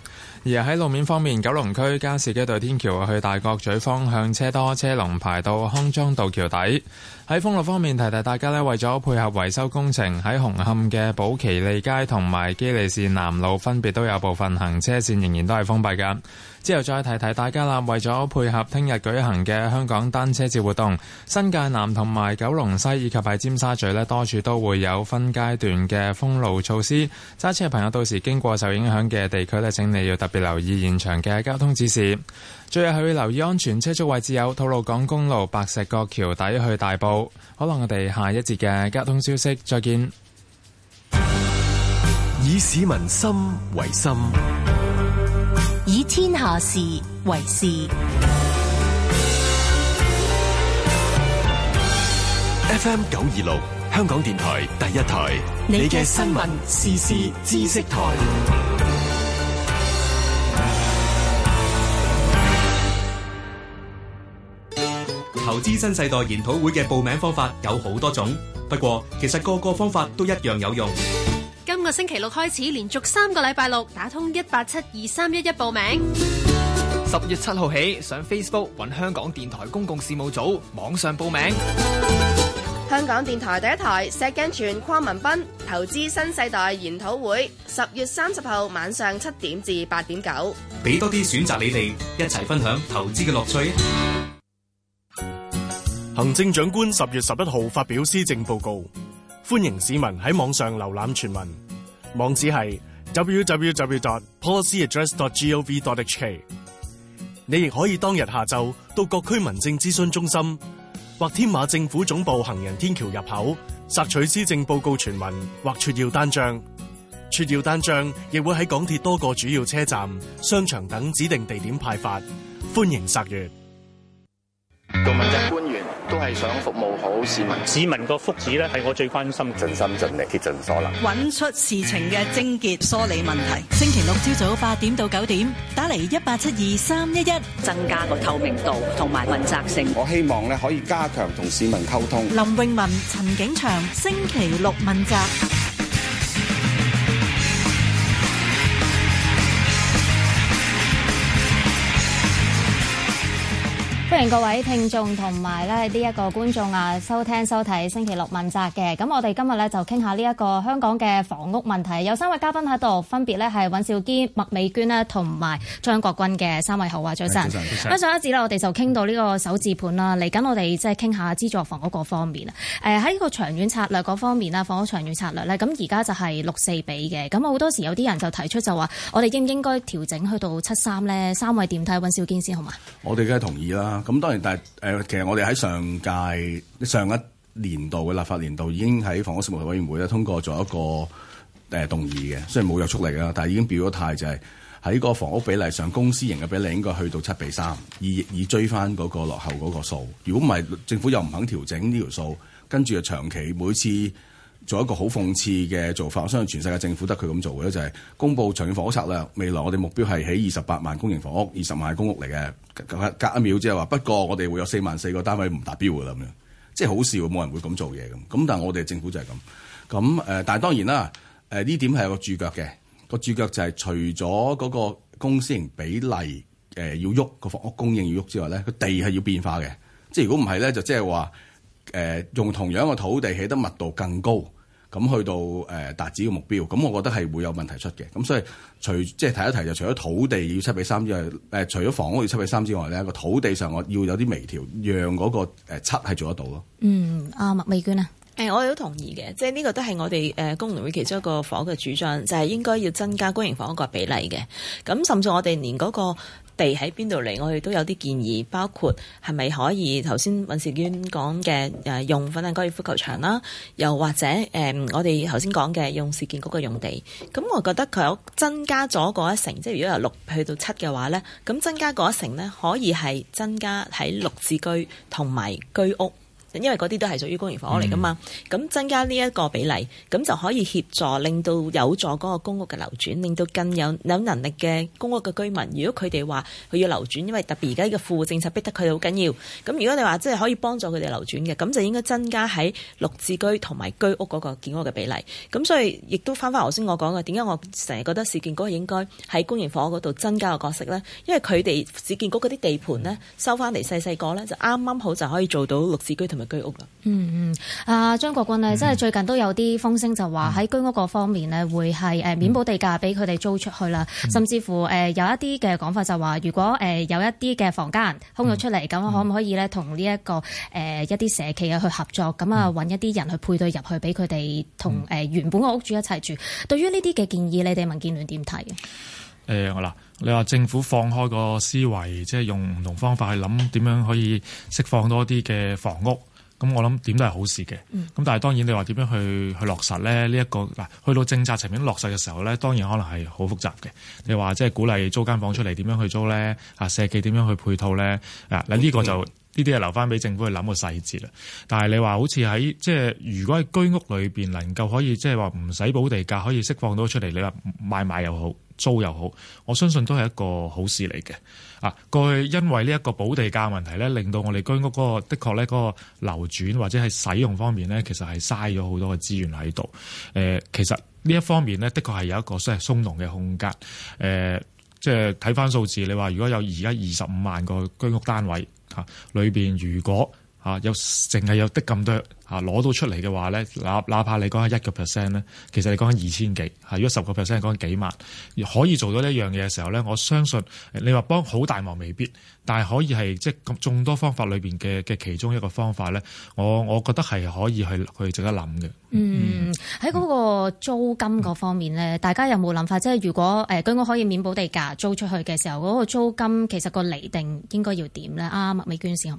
而喺路面方面，九龍區加士基道加士居道天橋去大角咀方向車多，車龍排到康莊道橋底。喺封路方面，提提大家咧，為咗配合維修工程，喺紅磡嘅寶其利街同埋基利士南路分別都有部分行車線仍然都係封閉㗎。之後再提提大家啦，為咗配合聽日舉行嘅香港單車節活動，新界南同埋九龍西以及喺尖沙咀咧，多處都會有分階段嘅封路措施，揸車嘅朋友到時經過受影響嘅地區咧，請你要特別留意現場嘅交通指示。最後係要留意安全車速位置，有吐露港公路白石角橋底去大埔。可能我哋下一節嘅交通消息再見。以市民心為心。下事為事，FM 九二六香港電台第一台，你嘅新聞時事知識台，投資新世代研討會嘅報名方法有好多種，不過其實個個方法都一樣有用。今個星期六開始，連續三個禮拜六打通一八七二三一一報名。十月七號起，上 Facebook 搵香港電台公共事務組網上報名。香港電台第一台石鏡泉、鄺文斌投資新世代研討會，十月三十號晚上七點至八點九，俾多啲選擇你哋，一齊分享投資嘅樂趣。行政長官十月十一號發表施政報告，歡迎市民喺網上瀏覽全文。網址係 www.policyaddress.gov.hk d o。你亦可以當日下晝到各區民政諮詢中心或添馬政府總部行人天橋入口索取施政報告全文或撮要單張。撮要單張亦會喺港鐵多個主要車站、商場等指定地點派發，歡迎查閱。都係想服務好市民，市民個福祉咧係我最關心，盡心盡力竭盡所能，揾出事情嘅症結，梳理問題。星期六朝早八點到九點，打嚟一八七二三一一，增加個透明度同埋問責性。我希望咧可以加強同市民溝通。林詠雯、陳景祥，星期六問責。各位聽眾同埋咧呢一個觀眾啊，收聽收睇星期六問責嘅。咁我哋今日咧就傾下呢一個香港嘅房屋問題，有三位嘉賓喺度，分別咧係尹兆堅、麥美娟咧同埋張國鈞嘅三位好啊，早晨。早晨。咁上一節咧，我哋就傾到呢個首置盤啦，嚟緊我哋即係傾下資助房屋個方面啊。誒、呃、喺個長遠策略嗰方面啊，房屋長遠策略咧，咁而家就係六四比嘅，咁好多時有啲人就提出就話，我哋應唔應該調整去到七三咧？三位點睇？尹兆堅先好嘛？我哋梗係同意啦。咁當然，但係誒，其實我哋喺上屆上一年度嘅立法年度已經喺房屋事務委員會咧通過咗一個誒、呃、動議嘅，雖然冇約束力啦，但係已經表咗態、就是，就係喺個房屋比例上，公私營嘅比例應該去到七比三，以以追翻嗰個落後嗰個數。如果唔係，政府又唔肯調整呢條數，跟住就長期每次做一個好諷刺嘅做法，我相信全世界政府得佢咁做嘅咧，就係、是、公布長遠房屋策略。未來我哋目標係起二十八萬公營房屋，二十萬公屋嚟嘅。隔一秒即係話，不過我哋會有四萬四個單位唔達標㗎啦。咁樣即係好事，冇人會咁做嘢咁。咁但係我哋政府就係咁。咁誒，但係當然啦。誒呢點係有個注腳嘅，個注腳就係除咗嗰個公私營比例誒、呃、要喐，個房屋供應要喐之外咧，個地係要變化嘅。即係如果唔係咧，就即係話誒用同樣嘅土地起得密度更高。咁去到誒達至個目標，咁我覺得係會有問題出嘅。咁所以除即係提一提就除咗土地要七比三之外，誒除咗房屋要七比三之外咧，個土地上我要有啲微調，讓嗰個七係做得到咯。嗯，阿、啊、麥美娟啊，誒、欸、我哋都同意嘅，即係呢個都係我哋誒公營嘅其中一個房屋嘅主張，就係、是、應該要增加公營房屋個比例嘅。咁甚至我哋連嗰、那個。地喺邊度嚟？我哋都有啲建議，包括係咪可以頭先尹兆堅講嘅誒用粉嶺高爾夫球場啦，又或者誒、呃、我哋頭先講嘅用市建局嘅用地。咁我覺得佢有增加咗嗰一成，即係如果由六去到七嘅話呢，咁增加嗰一成呢，可以係增加喺綠置居同埋居屋。因為嗰啲都係屬於公營房屋嚟㗎嘛，咁、嗯、增加呢一個比例，咁就可以協助令到有助嗰個公屋嘅流轉，令到更有有能力嘅公屋嘅居民，如果佢哋話佢要流轉，因為特別而家呢個輔政策逼得佢好緊要，咁如果你話即係可以幫助佢哋流轉嘅，咁就應該增加喺綠置居同埋居屋嗰個建屋嘅比例。咁所以亦都翻翻頭先我講嘅，點解我成日覺得市建局應該喺公營房屋嗰度增加個角色呢？因為佢哋市建局嗰啲地盤呢，收翻嚟細細個呢，就啱啱好就可以做到綠置居同居屋啦，嗯嗯，阿、啊、張國軍咧，嗯、即係最近都有啲風聲，就話喺居屋嗰方面咧，會係誒免補地價俾佢哋租出去啦，嗯、甚至乎誒有一啲嘅講法就話，如果誒有一啲嘅房間空咗出嚟，咁、嗯、可唔可以咧同呢一個誒一啲社企啊去合作，咁啊揾一啲人去配對入去俾佢哋同誒原本嘅屋主一齊住？嗯、對於呢啲嘅建議，你哋民建聯點睇？誒，好嗱，你話政府放開個思維，即係用唔同方法去諗點樣可以釋放多啲嘅房屋。咁我諗點都係好事嘅，咁但係當然你話點樣去去落實咧？呢、這、一個嗱，去到政策層面落實嘅時候咧，當然可能係好複雜嘅。嗯、你話即係鼓勵租間房間出嚟，點樣去租咧？啊，社企點樣去配套咧？嗯、啊，嗱、這、呢個就呢啲係留翻俾政府去諗個細節啦。但係你話好似喺即係如果喺居屋裏邊能夠可以即係話唔使補地價，可以釋放到出嚟，你話買賣又好。租又好，我相信都係一個好事嚟嘅。啊，過去因為呢一個補地價問題咧，令到我哋居屋嗰、那個的確咧嗰、那個流轉或者係使用方面咧，其實係嘥咗好多嘅資源喺度。誒、呃，其實呢一方面咧，的確係有一個即係鬆動嘅空間。誒、呃，即係睇翻數字，你話如果有而家二十五萬個居屋單位嚇，裏、啊、邊如果嚇、啊、有淨係有的咁多。啊，攞到出嚟嘅話咧，那哪怕你講下一個 percent 咧，其實你講緊二千幾，係如果十個 percent 講緊幾萬，可以做到呢樣嘢嘅時候咧，我相信你話幫好大忙未必，但係可以係即咁。眾、就是、多方法裏邊嘅嘅其中一個方法咧，我我覺得係可以去去值得諗嘅。嗯，喺嗰、嗯、個租金嗰方面咧，嗯、大家有冇諗法？即係如果誒居屋可以免補地價租出去嘅時候，嗰、那個租金其實個釐定應該要點咧？啊，麥美娟先，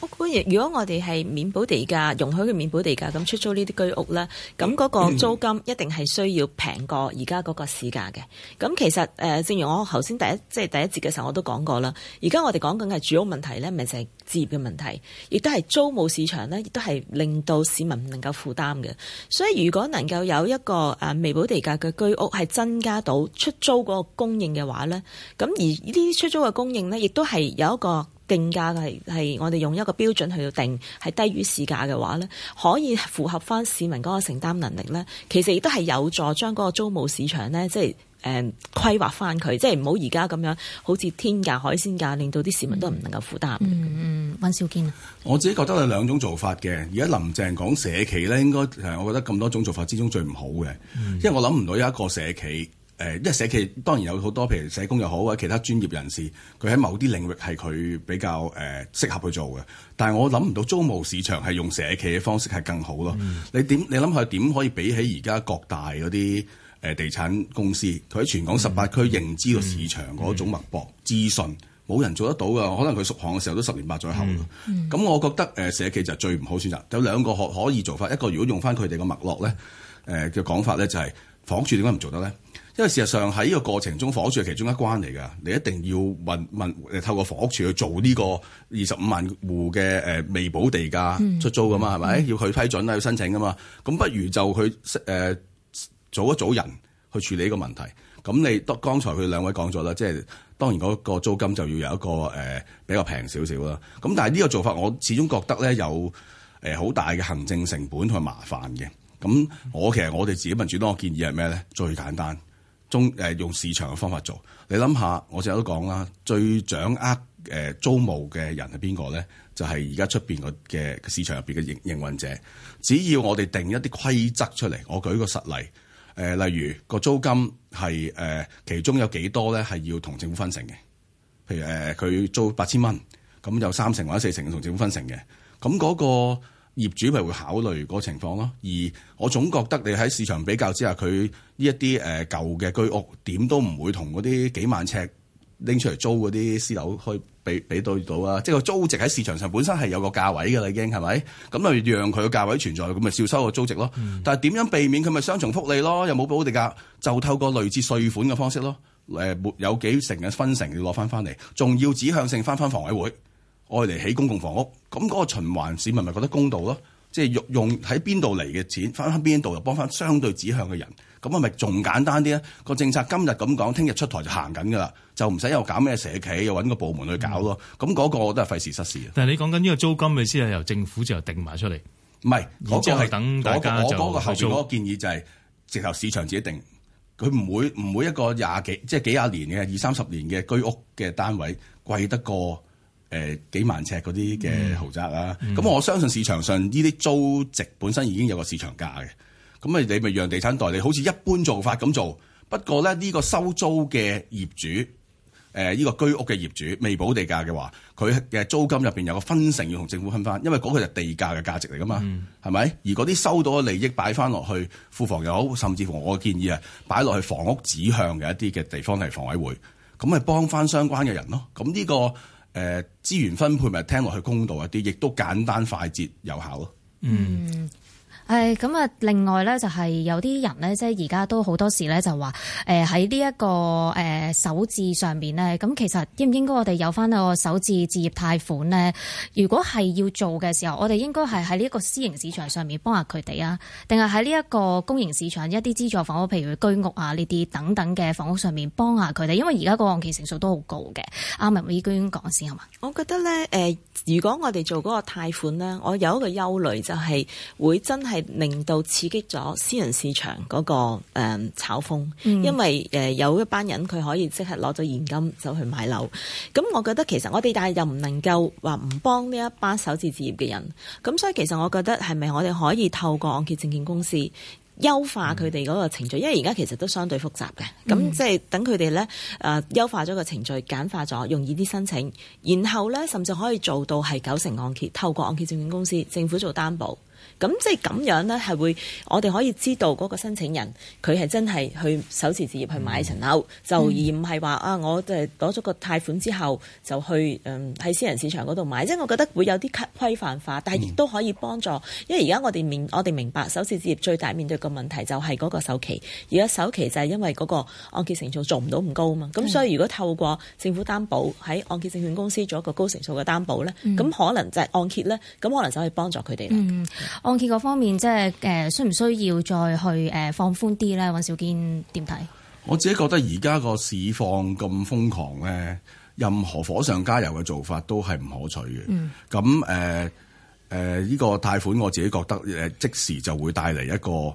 我估如果我哋係免補地價，容許。免補地價咁出租呢啲居屋咧，咁嗰個租金一定係需要平過而家嗰個市價嘅。咁其實誒、呃，正如我頭先第一即係第一節嘅時候我都講過啦。而家我哋講緊嘅住屋問題咧，咪就係置業嘅問題，亦都係租務市場咧，亦都係令到市民唔能夠負擔嘅。所以如果能夠有一個誒、啊、微補地價嘅居屋係增加到出租嗰個供應嘅話咧，咁而呢啲出租嘅供應咧，亦都係有一個。定價係係我哋用一個標準去到定，係低於市價嘅話咧，可以符合翻市民嗰個承擔能力咧。其實亦都係有助將嗰個租務市場咧，即係誒規劃翻佢，即係唔好而家咁樣好似天價、海鮮價，令到啲市民都唔能夠負擔。嗯，尹、嗯、兆、嗯、堅啊，我自己覺得有兩種做法嘅。而家林鄭講社企咧，應該係我覺得咁多種做法之中最唔好嘅，嗯、因為我諗唔到有一個社企。誒，因為社企當然有好多，譬如社工又好或者其他專業人士，佢喺某啲領域係佢比較誒、呃、適合去做嘅。但係我諗唔到租務市場係用社企嘅方式係更好咯、嗯。你點，你諗下點可以比起而家各大嗰啲誒地產公司佢喺全港十八區、嗯、認知個市場嗰種脈搏資訊冇人做得到噶，可能佢熟行嘅時候都十年八載後啦。咁、嗯嗯、我覺得誒社企就最唔好選擇，有兩個可可以做法，一個如果用翻佢哋嘅脈絡咧，誒嘅講法咧就係房署點解唔做得咧？因為事實上喺呢個過程中，房屋署係其中一關嚟㗎。你一定要問問，透過房屋署去做呢個二十五萬戶嘅誒未補地價出租㗎嘛？係咪、嗯、要佢批准啊？要申請㗎嘛？咁不如就去誒、呃、組一組人去處理呢個問題。咁你剛剛才佢兩位講咗啦，即係當然嗰個租金就要有一個誒、呃、比較平少少啦。咁但係呢個做法，我始終覺得咧有誒好大嘅行政成本同埋麻煩嘅。咁我其實我哋自己民主黨建議係咩咧？最簡單。中誒，用市場嘅方法做，你諗下，我成日都講啦，最掌握誒，租務嘅人係邊個咧？就係而家出面嘅市場入面嘅營營運者。只要我哋定一啲規則出嚟，我舉個實例，誒、呃、例如個租金係誒、呃、其中有幾多咧係要同政府分成嘅，譬如誒佢、呃、租八千蚊，咁有三成或者四成係同政府分成嘅，咁嗰、那個。業主咪會考慮嗰個情況咯，而我總覺得你喺市場比較之下，佢呢一啲誒舊嘅居屋點都唔會同嗰啲幾萬尺拎出嚟租嗰啲私樓去比比對到啊！即係個租值喺市場上本身係有個價位㗎啦，已經係咪？咁咪讓佢個價位存在，咁咪少收個租值咯。嗯、但係點樣避免佢咪雙重福利咯？又冇保地價，就透過類似稅款嘅方式咯。誒，有幾成嘅分成要攞翻翻嚟，仲要指向性翻翻房委會。愛嚟起公共房屋，咁嗰個循環，市民咪覺得公道咯。即係用用喺邊度嚟嘅錢，翻返邊度又幫翻相對指向嘅人，咁係咪仲簡單啲吖？個政策今日咁講，聽日出台就行緊㗎喇，就唔使又搞咩社企，又搵個部門去搞咯。咁嗰、嗯、個都係費時失事。但係你講緊呢個租金，咪先係由政府就定埋出嚟，唔係我即係等大家我我就去做建議、就係，就係直頭市場自己定。佢唔會唔會一個廿幾即係幾廿年嘅二三十年嘅居屋嘅單位貴得過？誒幾萬尺嗰啲嘅豪宅啦，咁、嗯、我相信市場上呢啲租值本身已經有個市場價嘅，咁咪你咪讓地產代理好似一般做法咁做，不過咧呢個收租嘅業主，誒、這、呢個居屋嘅業主未補地價嘅話，佢嘅租金入邊有個分成要同政府分翻，因為嗰個就地價嘅價值嚟㗎嘛，係咪、嗯？而嗰啲收到嘅利益擺翻落去庫房又好，甚至乎我建議啊，擺落去房屋指向嘅一啲嘅地方係房委會，咁咪幫翻相關嘅人咯，咁呢、這個。誒、呃、資源分配咪聽落去公道一啲，亦都簡單快捷有效咯。嗯。誒，咁啊，另外咧就係、是、有啲人咧，即係而家都好多時咧就話，誒喺呢一個誒首置上面咧，咁其實應唔應該我哋有翻個首置置業貸款咧？如果係要做嘅時候，我哋應該係喺呢一個私營市場上面幫下佢哋啊，定係喺呢一個公營市場一啲資助房屋，譬如居屋啊呢啲等等嘅房屋上面幫下佢哋，因為而家個按揭成數都高，啊、好高嘅。啱唔啱？美娟，講先，係嘛？我覺得咧，誒、呃。如果我哋做嗰個貸款咧，我有一個憂慮就係會真係令到刺激咗私人市場嗰個、那個誒、嗯、炒風，因為誒有一班人佢可以即刻攞咗現金走去買樓，咁我覺得其實我哋但係又唔能夠話唔幫呢一班首次置業嘅人。咁所以其實，我覺得係咪我哋可以透過按揭證券公司？優化佢哋嗰個程序，因為而家其實都相對複雜嘅，咁即係等佢哋咧誒優化咗個程序，簡化咗，容易啲申請，然後咧甚至可以做到係九成按揭，透過按揭證券公司，政府做擔保。咁即係咁樣咧，係會我哋可以知道嗰個申請人佢係真係去首次置業去買層樓，嗯、就而唔係話啊，我誒攞咗個貸款之後就去誒喺、嗯、私人市場嗰度買。即係我覺得會有啲規範化，但係亦都可以幫助。嗯、因為而家我哋面我哋明白首次置業最大面對嘅問題就係嗰個首期，而家首期就係因為嗰個按揭成數做唔到咁高嘛。咁所以如果透過政府擔保喺按揭證券公司做一個高成數嘅擔保咧，咁、嗯、可能就係按揭咧，咁可能就可以幫助佢哋啦。嗯按揭嗰方面，即係誒、呃、需唔需要再去誒、呃、放寬啲咧？尹兆堅點睇？我自己覺得而家個市況咁瘋狂咧，任何火上加油嘅做法都係唔可取嘅。咁誒誒，依、呃呃呢個貸款我自己覺得誒即時就會帶嚟一個誒、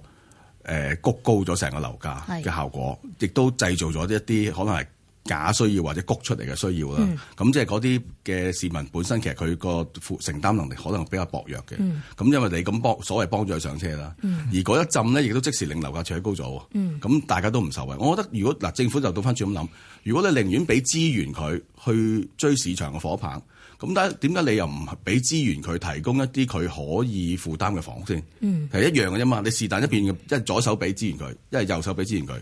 呃、谷高咗成個樓價嘅效果，是的 亦都製造咗一啲可能係假需要或者谷出嚟嘅需要啦，咁、嗯、即係嗰啲嘅市民本身其實佢個負承擔能力可能比較薄弱嘅，咁、嗯、因為你咁幫，所謂幫助佢上車啦。嗯、而嗰一陣咧，亦都即時令樓價扯高咗。咁、嗯、大家都唔受惠。我覺得如果嗱，政府就倒翻轉咁諗，如果你寧願俾資源佢去追市場嘅火棒，咁但係點解你又唔俾資源佢提供一啲佢可以負擔嘅房先？係、嗯、一樣嘅啫嘛。你是但一邊，一係左手俾資源佢，一係右手俾資源佢。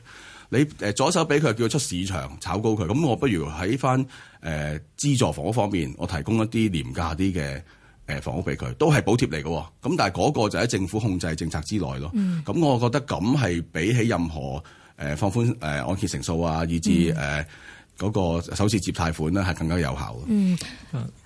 你誒左手俾佢，叫佢出市場炒高佢，咁我不如喺翻誒資助房屋方面，我提供一啲廉價啲嘅誒房屋俾佢，都係補貼嚟嘅。咁但係嗰個就喺政府控制政策之內咯。咁、嗯、我覺得咁係比起任何誒、呃、放寬誒按揭成數啊，以至。誒、嗯。呃嗰個首次接貸款咧，係更加有效嘅。嗯，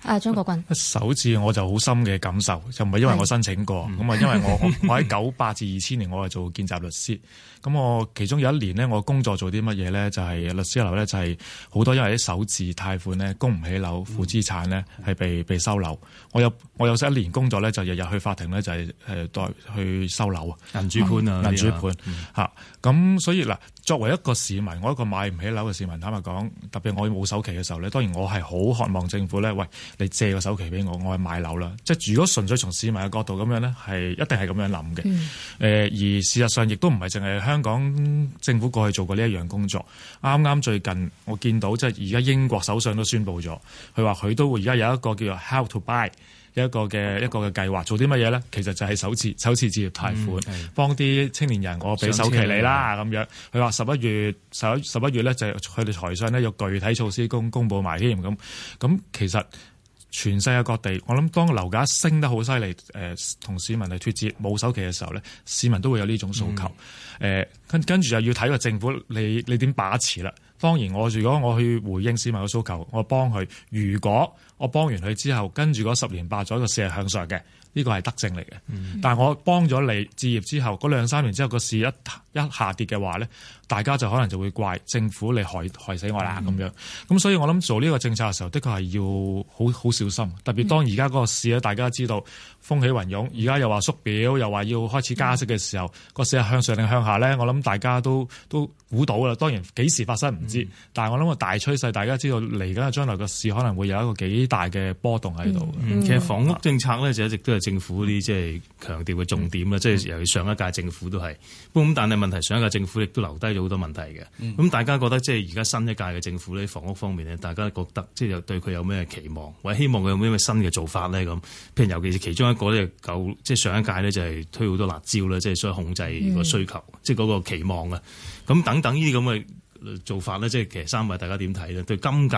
啊張國鈞，首次我就好深嘅感受，就唔係因為我申請過，咁啊是，嗯、因為我我喺九八至二千年，我係做見習律師。咁 我其中有一年呢，我工作做啲乜嘢咧？就係、是、律師樓咧，就係好多因為啲首次貸款咧，供唔起樓，負資產咧，係被被收樓。我有我有時一年工作咧，就日日去法庭咧，就係誒代去收樓啊，銀主盤啊，銀主盤嚇。咁所以嗱。作為一個市民，我一個買唔起樓嘅市民，坦白講，特別我冇首期嘅時候咧，當然我係好渴望政府咧，喂，你借個首期俾我，我去買樓啦。即係如果純粹從市民嘅角度咁樣咧，係一定係咁樣諗嘅。誒、嗯呃，而事實上亦都唔係淨係香港政府過去做過呢一樣工作。啱啱最近我見到，即係而家英國首相都宣布咗，佢話佢都會而家有一個叫做 How to Buy。一個嘅一個嘅計劃做啲乜嘢咧？其實就係首次首次置業貸款，嗯、幫啲青年人，我俾首期你啦咁樣。佢話十一月十一十一月咧，就佢哋財商咧有具體措施公公布埋添咁。咁其實全世界各地，我諗當樓價升得好犀利，誒、呃、同市民係脫節冇首期嘅時候咧，市民都會有呢種訴求。誒、嗯呃、跟跟住又要睇個政府你你點把持啦？當然，我如果我去回應市民嘅訴求，我幫佢。如果我幫完佢之後，跟住嗰十年八載個市係向上嘅，呢、這個係德政嚟嘅。嗯、但係我幫咗你置業之後，嗰兩三年之後個市一一下跌嘅話咧。大家就可能就會怪政府，你害害死我啦，咁樣，咁、嗯、所以我諗做呢個政策嘅時候，的確係要好好小心。特別當而家嗰個市啊，嗯、大家知道風起雲湧，而家又話縮表，又話要開始加息嘅時候，個市、嗯、向上定向下咧？我諗大家都都估到啦。當然幾時發生唔知，嗯、但係我諗個大趨勢，大家知道嚟緊嘅將來個市可能會有一個幾大嘅波動喺度。嗯嗯、其實房屋政策咧就一直都係政府啲即係強調嘅重點啦，即係由上一屆政府都係，咁但係問題上一屆政府亦都留低。嗯有好多問題嘅，咁、嗯、大家覺得即係而家新一屆嘅政府咧，房屋方面咧，大家覺得即係、就是、對佢有咩期望？或者希望佢有冇咩新嘅做法咧？咁，譬如尤其是其中一個咧，舊即係上一屆咧就係推好多辣招啦，即係想控制個需求，嗯、即係嗰個期望啊。咁等等呢啲咁嘅做法咧，即係其實三位大家點睇咧？對今屆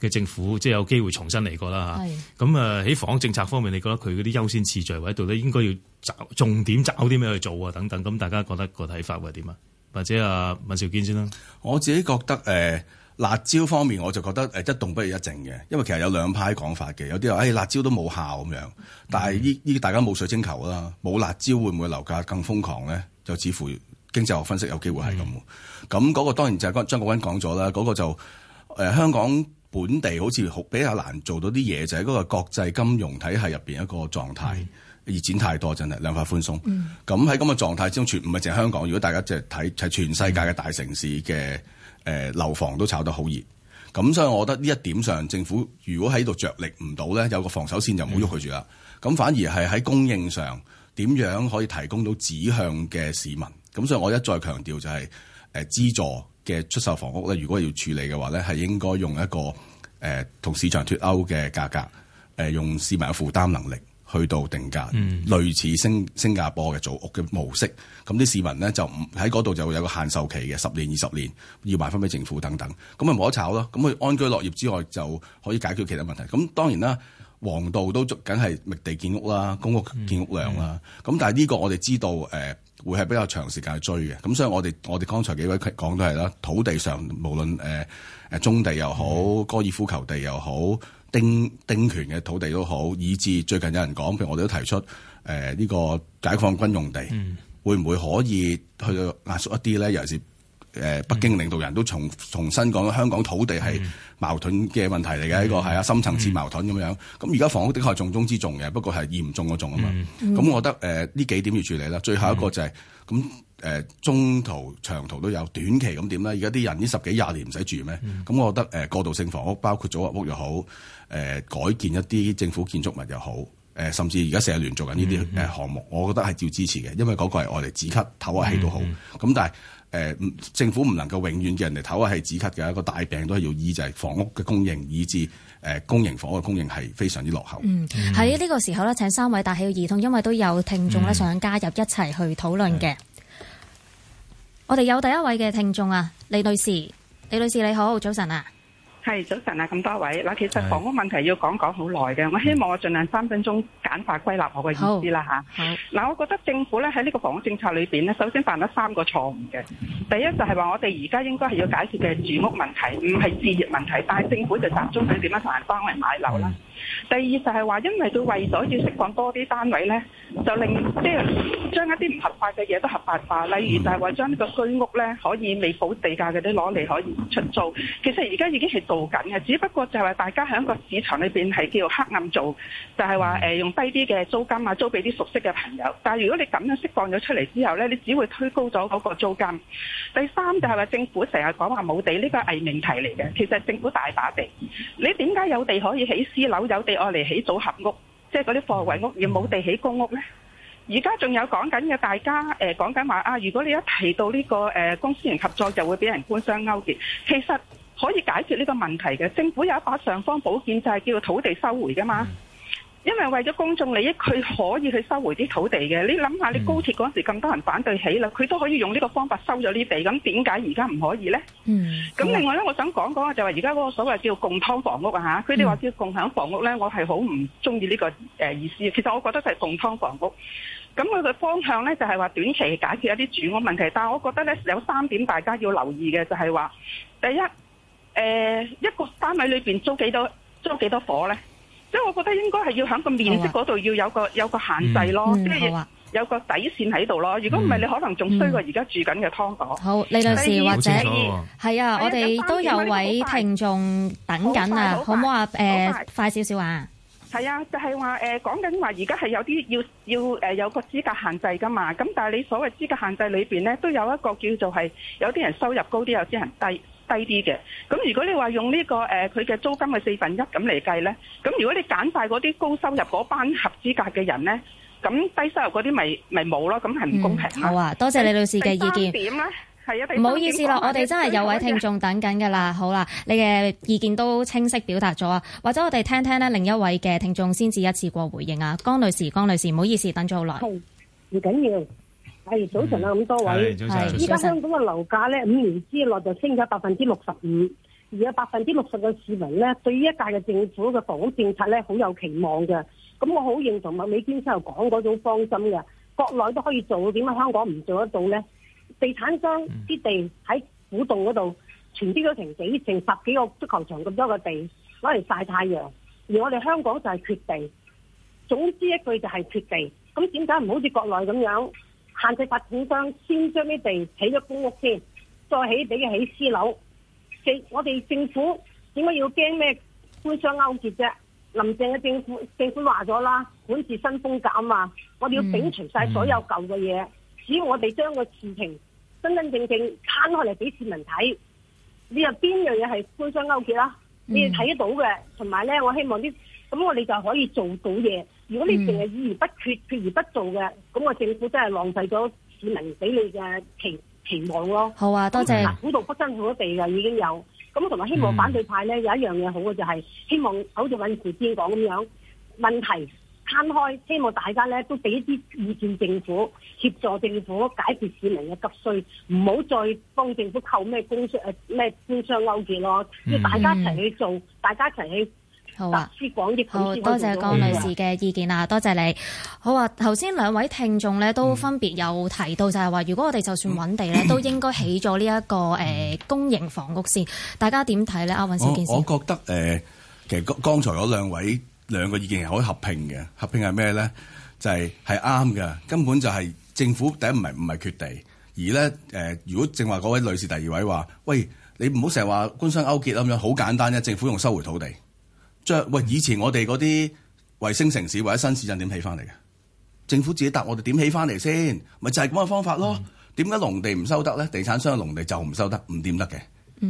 嘅政府，即、就、係、是、有機會重新嚟過啦嚇。咁啊是，喺房屋政策方面，你覺得佢嗰啲優先次序喺度咧，應該要找重點，找啲咩去做啊？等等。咁大家覺得個睇法會係點啊？或者阿、啊、尹兆堅先啦。我自己覺得誒、呃、辣招方面，我就覺得誒一動不如一靜嘅，因為其實有兩派講法嘅，有啲話誒辣招都冇效咁樣。但係依依大家冇水晶球啦，冇辣招會唔會樓價更瘋狂咧？就似乎經濟學分析有機會係咁。咁嗰、嗯、個當然就係張國鈞講咗啦，嗰、那個就誒、呃、香港本地好似比較難做到啲嘢，就喺、是、嗰個國際金融體系入邊一個狀態。嗯熱錢太多真係量化寬鬆，咁喺咁嘅狀態之中，全唔係淨香港。如果大家即係睇，係全世界嘅大城市嘅誒樓房都炒得好熱，咁所以我覺得呢一點上，政府如果喺度着力唔到咧，有個防守線就唔好喐佢住啦。咁、嗯、反而係喺供應上，點樣可以提供到指向嘅市民？咁所以我一再強調就係誒資助嘅出售房屋咧，如果要處理嘅話咧，係應該用一個誒同、呃、市場脫歐嘅價格，誒、呃、用市民嘅負擔能力。去到定價，類似星新加坡嘅組屋嘅模式，咁啲市民咧就唔喺嗰度就會有個限售期嘅，十年、二十年，要賣翻俾政府等等，咁咪冇得炒咯。咁佢安居樂業之外，就可以解決其他問題。咁當然啦，黃道都捉緊係密地建屋啦，公屋建屋量啦。咁、嗯、但係呢個我哋知道，誒、呃、會係比較長時間去追嘅。咁所以我哋我哋剛才幾位講都係啦，土地上無論誒誒、呃、中地又好，高、嗯、爾夫球地又好。丁丁權嘅土地都好，以至最近有人講，譬如我哋都提出，誒、呃、呢、這個解放軍用地，嗯、會唔會可以去到壓縮一啲咧？尤其是誒、呃、北京領導人都重重新講，香港土地係矛盾嘅問題嚟嘅，呢、嗯、個係啊，深層次矛盾咁樣。咁而家房屋的確係重中之重嘅，不過係嚴重嗰種啊嘛。咁、嗯嗯、我覺得誒呢、呃、幾點要處理啦。最後一個就係、是、咁。嗯嗯誒、呃、中途、長途都有短期咁點咧？而家啲人呢十幾廿年唔使住咩？咁、嗯、我覺得誒、呃、過渡性房屋，包括組合屋又好，誒、呃、改建一啲政府建築物又好，誒、呃、甚至而家社聯做緊呢啲誒項目，嗯嗯、我覺得係要支持嘅，因為嗰個係愛嚟止咳唞下氣都好。咁、嗯嗯、但係誒、呃、政府唔能夠永遠嘅人哋唞下氣止咳嘅一、那個大病都要醫，就係、是、房屋嘅供應，以至誒公營房屋嘅供應係非常之落後。喺呢、嗯、個時候咧，請三位戴起耳筒，因為都有聽眾咧聽眾 想加入一齊去討論嘅。嗯的我哋有第一位嘅聽眾啊，李女士，李女士你好，早晨啊，係早晨啊，咁多位嗱，其實房屋問題要講講好耐嘅，我希望我盡量三分鐘簡化歸納我嘅意思啦、啊、吓。嗱好、啊，我覺得政府咧喺呢個房屋政策裏邊咧，首先犯咗三個錯誤嘅，第一就係話我哋而家應該係要解決嘅住屋問題，唔係置業問題，但係政府就集中佢點樣同人幫人買樓啦。第二就係話，因為佢為咗要釋放多啲單位呢就令即係將一啲唔合法嘅嘢都合法化，例如就係話將呢個居屋呢可以未補地價嗰啲攞嚟可以出租。其實而家已經係做緊嘅，只不過就係話大家喺個市場裏邊係叫黑暗做，就係話誒用低啲嘅租金啊租俾啲熟悉嘅朋友。但係如果你咁樣釋放咗出嚟之後呢，你只會推高咗嗰個租金。第三就係話政府成日講話冇地，呢個係偽命題嚟嘅。其實政府大把地，你點解有地可以起私樓有地？我嚟起組合屋，即係嗰啲貨位屋，要冇地起公屋咧？而家仲有講緊嘅，大家誒講緊話啊，如果你一提到呢，這個誒、呃、公私營合作，就會俾人官商勾結。其實可以解決呢個問題嘅，政府有一把尚方寶劍，就係叫土地收回噶嘛。嗯因為為咗公眾利益，佢可以去收回啲土地嘅。你諗下，你高鐵嗰時咁多人反對起啦，佢都可以用呢個方法收咗呢地，咁點解而家唔可以呢？嗯。咁另外呢，嗯、我想講講就係而家嗰個所謂叫共湯房屋啊嚇，佢哋話叫共享房屋呢，我係好唔中意呢個誒意思。其實我覺得係共湯房屋。咁佢嘅方向呢，就係、是、話短期解決一啲住屋問題，但係我覺得呢，有三點大家要留意嘅就係、是、話，第一，誒、呃、一個單位裏邊租幾多租幾多夥呢？即係我覺得應該係要喺個面積嗰度要有個有個限制咯，即係有個底線喺度咯。如果唔係，你可能仲衰過而家住緊嘅劏房。好，李女士或者係啊，我哋都有位聽眾等緊啊，好唔好啊？誒快少少啊？係啊，就係話誒講緊話，而家係有啲要要誒有個資格限制噶嘛。咁但係你所謂資格限制裏邊咧，都有一個叫做係有啲人收入高啲，有啲人低。低啲嘅，咁如果你話用呢個誒佢嘅租金嘅四分一咁嚟計呢，咁如果你揀晒嗰啲高收入嗰班合資格嘅人呢，咁低收入嗰啲咪咪冇咯，咁係唔公平。嗯、好啊，多謝李女士嘅意見。第點咧？係一定唔好意思咯，我哋真係有位聽眾等緊噶啦，好啦，啊，你嘅意見都清晰表達咗啊，或者我哋聽聽咧另一位嘅聽眾先至一次過回應啊，江女士，江女士，唔好意思等咗好耐。唔緊要。如、哎、早晨啊，咁多位。係，依家香港嘅樓價咧，五年之內就升咗百分之六十五，而有百分之六十嘅市民咧，對於一屆嘅政府嘅房屋政策咧，好有期望嘅。咁我好認同麥美娟生講嗰種方針嘅，國內都可以做，點解香港唔做得到咧？地產商啲地喺古洞嗰度，存積咗成幾成十幾個足球場咁多嘅地，攞嚟晒太陽，而我哋香港就係缺地。總之一句就係缺地，咁點解唔好似國內咁樣？限制發展商先將啲地起咗公屋先，再起俾佢起私樓。政我哋政府點解要驚咩官商勾結啫？林鄭嘅政府政府話咗啦，管治新風格啊嘛。我哋要摒除晒所有舊嘅嘢，只要、嗯嗯、我哋將個事情真真正正攤開嚟俾市民睇，你又邊樣嘢係官商勾結啦？你哋睇得到嘅，同埋咧，我希望啲咁我哋就可以做到嘢。如果你淨係議而不決，決、嗯、而不做嘅，咁我政府真係浪費咗市民俾你嘅期期望咯。好啊，多謝。嗱，古道復真好地嘅已經有，咁同埋希望反對派咧有一樣嘢好嘅就係、是嗯、希望好似尹兆堅講咁樣，問題攤開，希望大家咧都俾啲意見政府，協助政府解決市民嘅急需，唔好再幫政府扣咩官商誒咩官商勾結咯，嗯、要大家一齊去做，大家一齊去。好啊好，多謝江女士嘅意見啊，多謝你。好啊，頭先兩位聽眾咧都分別有提到，嗯、就係話如果我哋就算揾地咧，嗯、都應該起咗呢一個誒、呃嗯、公營房屋先。大家點睇咧？阿云先，我我覺得誒、呃，其實剛才嗰兩位兩個意見係可以合併嘅。合併係咩咧？就係係啱嘅，根本就係政府第一唔係唔係缺地，而咧誒、呃，如果正話嗰位女士第二位話，喂，你唔好成日話官商勾結，咁樣好簡單啫。」政府用收回土地。即係喂，以前我哋嗰啲衛星城市或者新市鎮點起翻嚟嘅？政府自己答我哋點起翻嚟先，咪就係咁嘅方法咯。點解、嗯、農地唔收得咧？地產商嘅農地就唔收得，唔掂得嘅，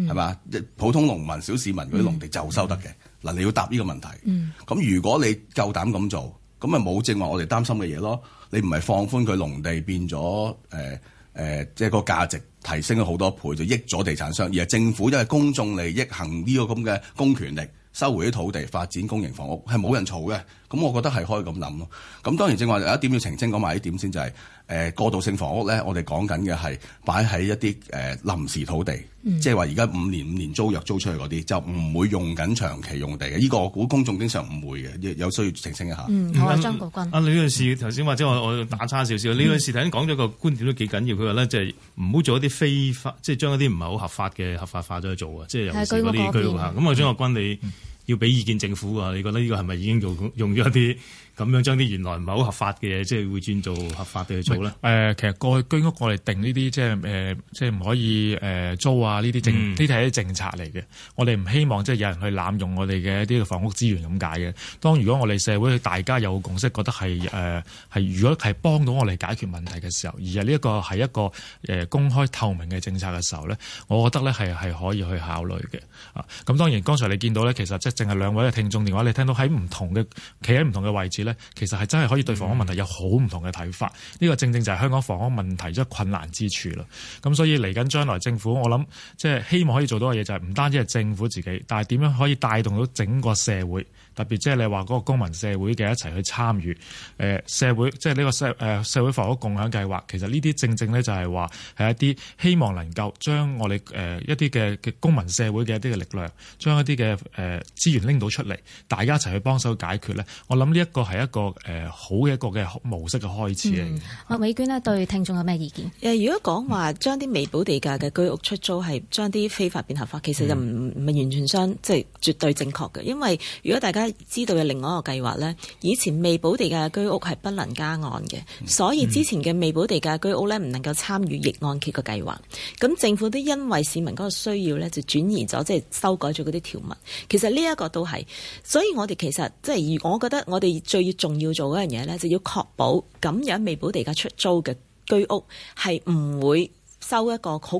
係嘛、嗯？普通農民、小市民嗰啲農地就收得嘅嗱、嗯。你要答呢個問題咁，嗯、如果你夠膽咁做，咁咪冇正話我哋擔心嘅嘢咯。你唔係放寬佢農地變咗誒誒，即、呃、係、呃就係、個價值提升咗好多倍，就益咗地產商，而係政府因為公眾利益，益行呢個咁嘅公權力。收回啲土地發展公營房屋係冇人嘈嘅，咁我覺得係可以咁諗咯。咁當然正話有一點要澄清講埋呢點先就係。誒、呃、過渡性房屋咧，我哋講緊嘅係擺喺一啲誒、呃、臨時土地，即係話而家五年五年租約租出去嗰啲，就唔會用緊長期用地嘅。依、這個我估公眾經常誤會嘅，有需要澄清一下。嗯，好啊，張國鈞、嗯。啊，你呢件事頭先或者我我打差少少。嗯、你呢件事頭先講咗個觀點都幾緊要。佢話咧即係唔好做一啲非法，即、就、係、是、將一啲唔係好合法嘅合法化咗去做啊。即係有時嗰啲居屋嚇。咁啊，國國張國鈞，你要俾意見政府啊？嗯、你覺得呢個係咪已經用用咗一啲？咁樣將啲原來唔係好合法嘅嘢，即係會轉做合法俾佢做啦。誒，其實過去居屋我哋定呢啲，即係誒即係唔可以誒租啊，呢啲政呢啲係啲政策嚟嘅。我哋唔希望即係有人去濫用我哋嘅一啲嘅房屋資源咁解嘅。當如果我哋社會大家有共識覺得係誒係如果係幫到我哋解決問題嘅時候，而係呢一個係一個誒公開透明嘅政策嘅時候咧，我覺得咧係係可以去考慮嘅。啊，咁當然剛才你見到咧，其實即係淨係兩位嘅聽眾電話，你聽到喺唔同嘅企喺唔同嘅位置。咧，其實係真係可以對房屋問題有好唔同嘅睇法，呢、嗯、個正正就係香港房屋問題即係困難之處啦。咁所以嚟緊將來，政府我諗即係希望可以做到嘅嘢，就係唔單止係政府自己，但係點樣可以帶動到整個社會。特別即係你話嗰個公民社會嘅一齊去參與，誒、呃、社會即係呢個社誒、呃、社會房屋共享計劃，其實呢啲正正咧就係話係一啲希望能夠將我哋誒、呃、一啲嘅嘅公民社會嘅一啲嘅力量，將一啲嘅誒資源拎到出嚟，大家一齊去幫手解決咧。我諗呢一個係、呃、一個誒好嘅一個嘅模式嘅開始嚟嘅。嗯、麥美娟咧對聽眾有咩意見？誒，如果講話將啲未補地價嘅居屋出租係將啲非法變合法，其實就唔唔係完全相，即係絕對正確嘅，因為如果大家。知道有另外一個計劃咧，以前未補地價嘅居屋係不能加按嘅，所以之前嘅未補地價嘅居屋咧，唔能夠參與逆按揭嘅計劃。咁政府都因為市民嗰個需要咧，就轉移咗，即係修改咗嗰啲條文。其實呢一個都係，所以我哋其實即係我覺得，我哋最重要做一樣嘢咧，就要確保咁樣未補地價嘅出租嘅居屋係唔會收一個好。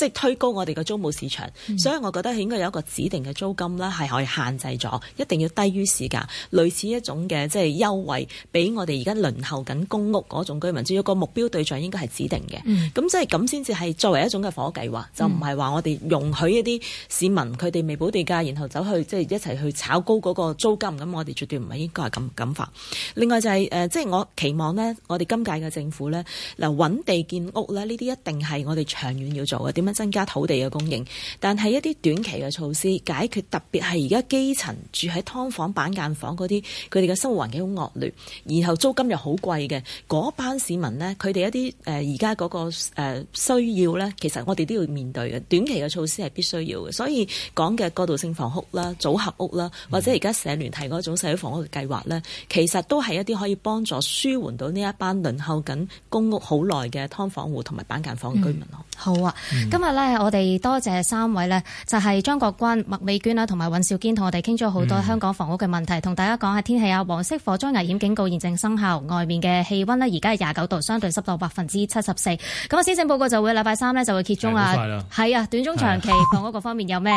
即係推高我哋嘅租務市場，嗯、所以我覺得應該有一個指定嘅租金啦，係可以限制咗，一定要低於市價，類似一種嘅即係優惠俾我哋而家輪候緊公屋嗰種居民。只要個目標對象應該係指定嘅，咁即係咁先至係作為一種嘅火計劃，就唔係話我哋容許一啲市民佢哋未補地價，然後走去即係、就是、一齊去炒高嗰個租金。咁我哋絕對唔係應該係咁咁法。另外就係誒即係我期望咧，我哋今屆嘅政府咧，嗱揾地建屋咧，呢啲一定係我哋長遠要做嘅。點。增加土地嘅供應，但係一啲短期嘅措施解決，特別係而家基層住喺劏房、板間房嗰啲，佢哋嘅生活環境好惡劣，然後租金又好貴嘅嗰班市民咧，佢哋一啲誒而家嗰個誒、呃、需要咧，其實我哋都要面對嘅短期嘅措施係必須要嘅。所以講嘅過渡性房屋啦、組合屋啦，或者而家社聯提嗰種社會房屋嘅計劃咧，嗯、其實都係一啲可以幫助舒緩到呢一班輪候緊公屋好耐嘅劏房戶同埋板間房嘅居民咯。嗯好啊！今日咧，我哋多謝，謝三位咧，就係、是、張國鈞、麥美娟啊同埋尹兆堅同我哋傾咗好多香港房屋嘅問題，同、嗯、大家講下天氣啊，黃色火災危險警告現正生效，外面嘅氣溫咧而家係廿九度，相對濕度百分之七十四。咁啊，施政報告就會禮拜三咧就會揭盅啊，係啊，短中長期房屋各方面有咩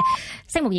聲明？